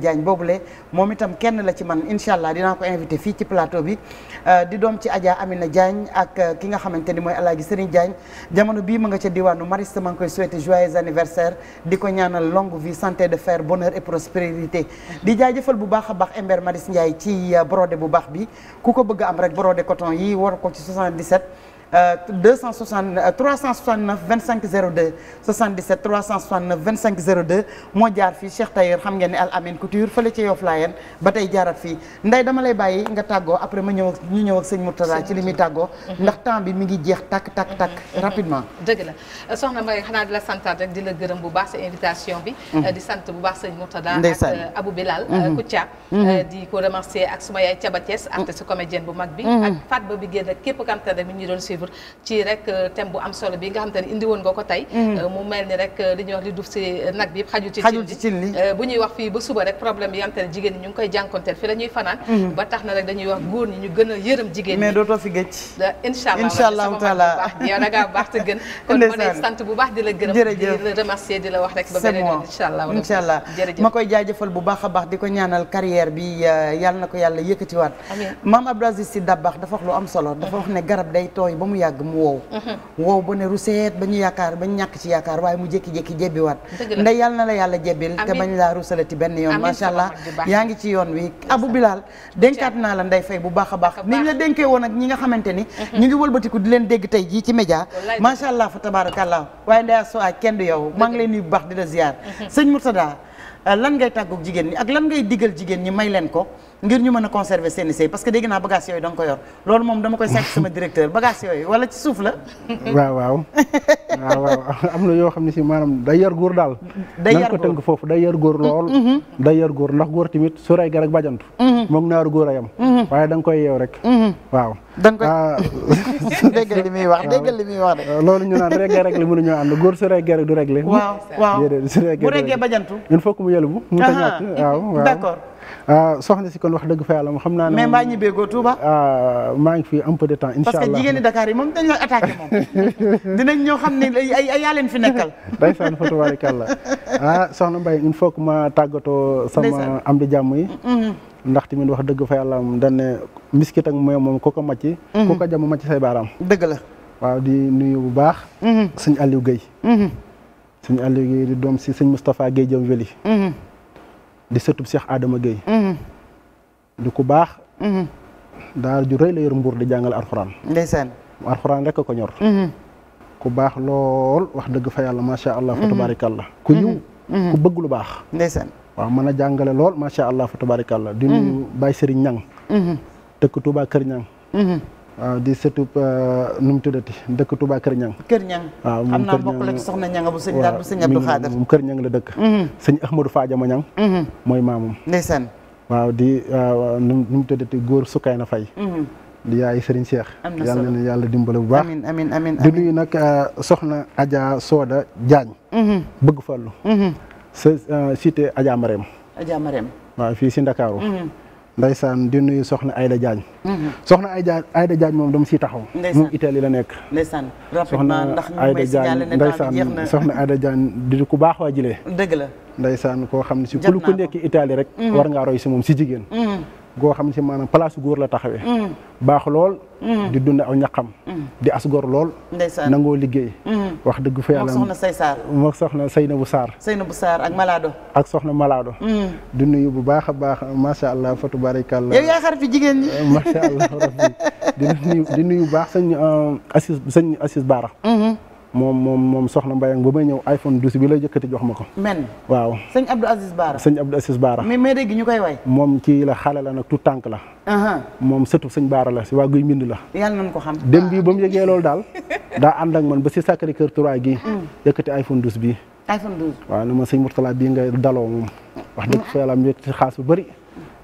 Speaker 1: jaañ boobu le moom itam kenn la ci man incha allah dinaa ko invité fii ci plateau bi euh, di doom ci Adja Amina Diagne ak euh, ki nga xamante ni mooy Alaaji Serigne Diagne jamono bii mu nga ca diwaanu Mariste ma ngi koy souhaité joyeux anniversaire di ko ñaanal longue vie santé de fer bonheur et prospérité di jaajëfal bu baax a baax Ember Maris Ndiaye ci euh, brodé bu baax bi ku ko bëgg am rek brodé coton yi war ko ci 77 260 369 25 02 77 369 25 02 moo jaar fii Cheikh Tailleur xam ngeen ne Al Amine Couture fële ci Yoff Layeen ba tey jaarat fii nday dama lay bàyyi nga tàggoo après ma ñëw ak ñu ñëw ak sëñ Mourtada ci li muy tàggoo ndax temps bi mi ngi jeex takk takk takk mm-hmm. rapidement (laughs)
Speaker 3: dëgg la soxna Mbaye xanaa di la santaat rek di la gërëm bu baax sa invitation bi mm-hmm. euh, di sant bu baax sëñ Mourtada ak euh, Abou Bilal euh, mm-hmm. Koutia di ko remercier ak suma yaay Thiaba Thiès artiste comédienne bu mag bi ak Fatba bi génn képp kamte mi ñu doon suivre ci rek euh, thème bu am solo bi nga xam te ne indi woon nga ko tey mhm. euh, mu mel ni rek euh, li ñuy wax li duuf si nag bi yëpp xaju ci xaju ci cin li bu ñuy wax fii ba suba rek problème yi nga xam te ne jigéen ñu ngi koy jànkonteel fi mhm. a da ngaa baax te gën (laughs) kon ma bu baax di la gërëm di remercier di la wax
Speaker 1: rek ma koy jaajëfal bu baax a baax di ko ñaanal carrière bi yàlla na ko yàlla yëkkatiwaat maam Abdou Aziz Sy dafa wax lu am solo dafa wax ne garab day tooy ba mu yàgg mu wow mhm. wow ba ne ruseet ba ñu yaakaar ba ñàkk ci yaakaar waaye mu jékki-jékki jebbiwaat nda yàlla na la yàlla jebbil te bañ laa rusalati benn yoon macha allah yaa ngi ci yoon wi abu bilal dénkaat naa la nday fay bu baax a baax ni nga dénkee woon ak ñi nga xamante ni mhm. ñu ngi wëlbatiku di leen dégg tey jii ci média macha allah fa tabarakallah waaye nday so ak kenn du yow maa ngi leen nuyu bu baax di la ziar mhm. sëñ Murtada lan ngay tàggu jigéen ñi ak lan ngay digal jigéen ñi may leen ko ngir ñu mën a conserver seen i sëy parce que dégg naa bagages yooyu da nga yor loolu moom dama koy sàcc sama directeur bagages yooyu wala ci suuf la.
Speaker 4: waaw
Speaker 2: waaw am na yoo xam ne si maanaam day yar góor daal. day yar góor ko tënk foofu day yar góor lool. Mm-hmm. day yar góor ndax góor tamit su ray garag bajantu. Mm-hmm. moom naaru a mm-hmm. da nga koy yeew rek. waaw. da nga koy ah.
Speaker 4: (laughs) déggal
Speaker 2: li muy wax déggal
Speaker 1: li muy wax de. Ah, loolu ñu naan rek rek li
Speaker 2: mënuñoo ànd góor su rey gerek du réglé. waaw waaw bu reggee bajantu. il faut que mu yëlbu mu tañaat waaw waaw d'accord Euh, soxna si kon wax dëgg fa yàlla moom xam naa ne mais mbaa ñibbee goo Touba euh, maa ngi fi un peu de yi
Speaker 1: moom la attaqué moom (laughs) dinañ ñoo xam ne ay yaa leen fi nekkal
Speaker 2: ndeysaan fa tabarakallah ah soxna ma tàggatoo sama am di jàmm yi mhm. ndax tamit wax dëgg fa yàlla moom dañ ne miskit ak moom ku ko macc ku mhm. ko jam macc say baaraam dëgg la waaw di nuyu bu baax mhm. sëñ Aliou Guèye sëñ Aliou Guèye di doom si sëñ Moustapha Guèye jëm weli di sëtub Cheikh Adama Gueye mhm. di ku baax mhm. daara ju rëy la yor mbuur di jàngal alxuraan ndeysaan alxuraan rek ko ñor mhm. ku baax lool wax dëgg fa yàlla macha allah fa tabarakallah ku yiw ku bëgg lu baax ndeysaan waaw mën a jàngale lool macha allah fa tabarakallah di nuyu Baye Serigne Ñang dëkk Kër Ñang waaw euh, di sëtu euh, nu mu tuddati dëkk Touba Kër Ñang Kër Ñang waaw xam naa bokk la ci soxna Ñang bu sëñ daal bu sëñ Abdou Khader moom Kër Ñang la dëkk mhm. sëñ Ahmadou a Ñang mhm. mooy maamam ndeysaan waaw di nu mu tuddati góor Sukayna Fay mhm. di yaay Serigne Cheikh yàlla na yàlla dimbale bu baax amiin amiin nag euh, soxna Adja Soda Diagne bëgg fàllu sa cité Adja Marème Adja Marème waaw fii si Ndakaaru Ndeysaan di nuyu Soxna Ayda Diagne. Mhm. Soxna ay Ayda Diagne moom dama si taxaw. Ndeysaan moom Italie la nekk.
Speaker 1: Ndeysaan rapidement ndax ñu may signalé ne temps bi jeex na Soxna
Speaker 2: Ayda di ku baax waa jilee. dëgg la koo xam ne si ku ko nekk Italie rek. Mhm. war ngaa roy si moom si jigéen. Mhm. goo xam ne si maanaam place góor la taxawee. Mm. baax lool. Mm. di dund aw ñaqam. Mm. di as góor lool. ndeysaan nangoo liggéey. wax dëgg fa yàlla moom soxna Say Sarr. moom soxna Seynabou Sarr. Seynabou Sarr ak Malado. ak soxna Malado. di nuyu bu baax a baax macha allah fa tubaarikàlla. yow
Speaker 1: yaa xaritu jigéen ñi. (laughs) macha allah
Speaker 2: rabbi di nuyu di nuyu bu baax sëñ euh, Assis Baara. Mm-hmm. moom moom moom soxna Mbayang ba may ñëw iPhone 12 bi la jëkkati jox ma ko. men waaw sëñ
Speaker 1: Abdou Aziz Baara.
Speaker 2: sëñ Abdou Aziz Baara. mais mais dégg ñu koy way. moom ci la xale la nag tout tànk la. Uh-huh. moom sëtu sëñ Baara la si waa guy mbind la.
Speaker 1: yàlla nañ ko xam.
Speaker 2: dem bii ba mu yëgee loolu daal daa ànd man ba si Sacré Cœur 3 gii. Mm. yëkkati iPhone 12 bii. iPhone 12 waaw ni ma sëñ Mourtala bii ngay daloo moom. wax dëgg fa yàlla am yëkkati xaas bu bëri.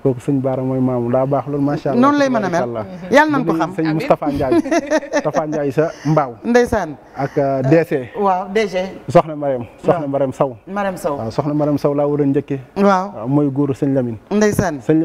Speaker 2: kooku sëñ Baara mooy maamu daa baax ma macha allah noonu lay mën a mel yàlla nañ ko xam sëñ Moustapha Ndiaye (laughs) Moustapha Ndiaye sa mbaaw ndeysaan ak euh, euh, DC waaw DG soxna Marème soxna Marème Sow Marème Sow waaw soxna Marème Sow laa waroon njëkkee waaw mooy góoru sëñ Lamine ndeysaan sëñ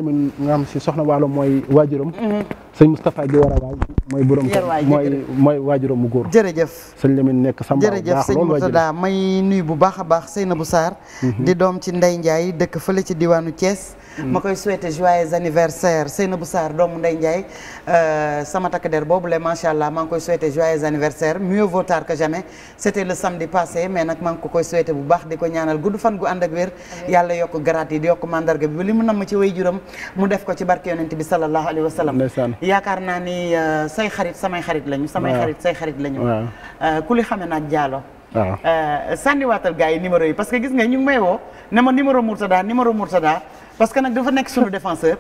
Speaker 2: si soxna Waalo mooy waajuram mm-hmm. sëñ Moustapha Diawara waay mooy borom mooy mooy waajuram mu góor jërëjëf sëñ Lamine nekk samba jërëjëf sëñ Mourtada may nuyu bu baax a baax Seynabou Sarr mhm. di
Speaker 1: doom ci Ndey Ndiaye dëkk fële ci diwaanu Thiès mhm. ma koy souhaiter joyeux anniversaire Seynabou Sarr doomu Ndey Ndiaye euh, sama takk der boobu le macha allah maa ngi koy souhaiter joyeux anniversaire mieux vaut tard que jamais c'était le samedi passé mais maa ko koy souhaiter bu baax di ko ñaanal gudd fan gu ànd ak wér yàlla yokk garaat yi di yokk mandarga bi li mu namm ci way juram mu def ko ci barke yonent bi sallallahu alayhi wa sallam yaakaar naa ni euh, say xarit samay xarit lañu. samay xarit say xarit lañu. waaw euh, ku li xame naa jaalo. waaw euh, sànniwaatal gars yi numéro yi parce que gis nga ñu ngi may woo ne ma numéro Mourtada numéro Mourtada. parce que nag dafa nekk sunu défenseur.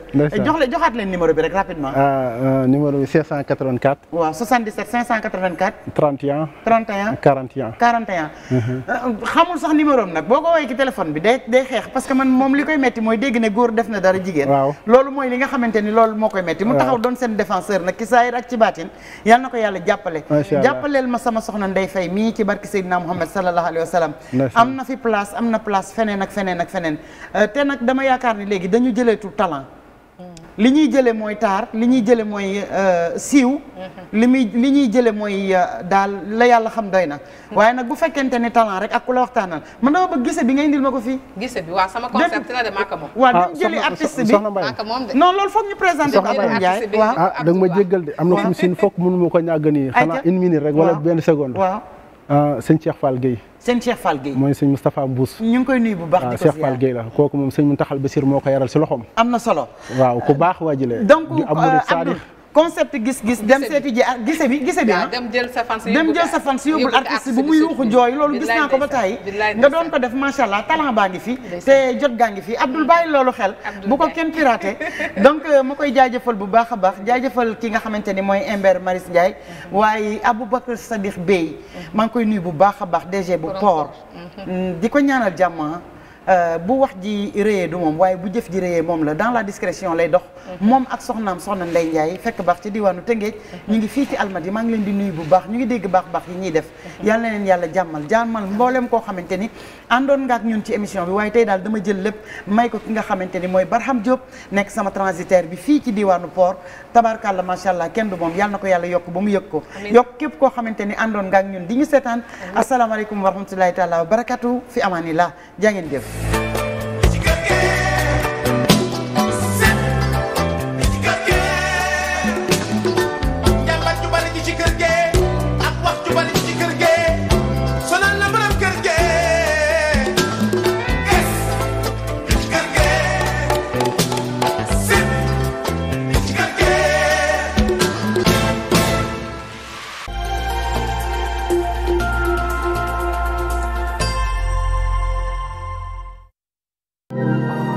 Speaker 1: jox leen joxaat leen numéro bi rek rapidement. Ah,
Speaker 2: euh, numéro bi waaw mhm.
Speaker 1: euh, xamul sax numéro am nag boo ko woowee ci téléphone bi day day xeex parce que man moom li koy metti mooy dégg ne góor def na dara jigéen. waaw loolu mooy li nga xamante ni loolu moo koy metti mu taxaw doon seen défenseur nag ki saayir ak ci baatin yal na ko yàlla jàppale. macha jàppaleel ma sama soxna Ndeye Faye mii ci barki Seydina Mouhamed sallallahu alayhi wa am na fi place léegi dañu jëleetul talent li ñuy jële mooy taar li ñuy jële mooy euh, siiw
Speaker 4: mm-hmm.
Speaker 1: li muy li ñuy jële mooy euh, daal la yàlla xam doy na mm-hmm. waaye nag bu fekkente ni talent rek ak ku la waxtaanal man dama bëgg gise bi nga indil ma ko
Speaker 3: fii gise bi waaw sama concept la de maa ko moom waaw ah, dañ jëli
Speaker 1: artiste bi maa ko moom de loolu
Speaker 3: foog ñu présenté
Speaker 1: ko Abdou
Speaker 2: Ndiaye waaw ah ma jéggal de am na fu mu sin foog mënu ma ko ñàgg nii xanaa une minute rek wala benn seconde waaw ah, sëñ Cheikh Fall Gueye sëñ Cheikh Fall Gueye mooy sëñ Moustapha Mbouss ñu ngi koy nuyu bu baax di ah, ko Cheikh Fall Gueye la kooku moom sëñ Muntaxal Basir moo ko yaral si loxoom am na solo waaw ku baax waajilee donc di am murid saadix
Speaker 1: concept gis-gis dem seeti ji ak gise bi gise bi ah
Speaker 3: dem jël sa fans
Speaker 1: dem jël sa yóbbul artiste bu muy yuuxu jooy loolu gis naa ko ba tàyyi nga doon ko def macha allah talent baa ngi fi te jot gaa ngi fi Abdoul mm. bàyyi loolu xel bu ko kenn piraté (laughs) donc euh, ma koy jaajafal bu baax a baax jaajëfal ki nga xamante ni mooy Imbert Maris Ndiaye mm-hmm. waaye Aboubacar Sadikh Bey mm-hmm. maa ngi koy nuyu bu baax a baax DG bu port
Speaker 4: mm-hmm. mm,
Speaker 1: di ko ñaanal jàmm ah. Euh, bu wax ji réyee du moom waaye bu jëf ji réyee moom la dans la discrétion lay dox moom ak soxnaam soxna Ndey Njaay fekk baax ci diwaanu Tëngéej ñu ngi fii ci Almadi maa ngi leen di nuyu bu baax ñu ngi dégg baax baax yi ñuy def yal na leen yàlla jàmmal jàmmal mboolem koo xamante ni àndoon nga ak ñun ci émission bi waaye tey daal dama jël lépp may ko ki nga xamante ni mooy Barham Diop nekk sama transitaire bi fii ci diwaanu port tabarkàlla macha allah kenn du moom yàlla na ko yàlla yokk ba mu yëg ko yokk képp koo xamante ni àndoon nga ak ñun di ñu seetaan asalaamaaleykum wa rahmatullahi taala wa barakatu fi amaanillah jaa ngeen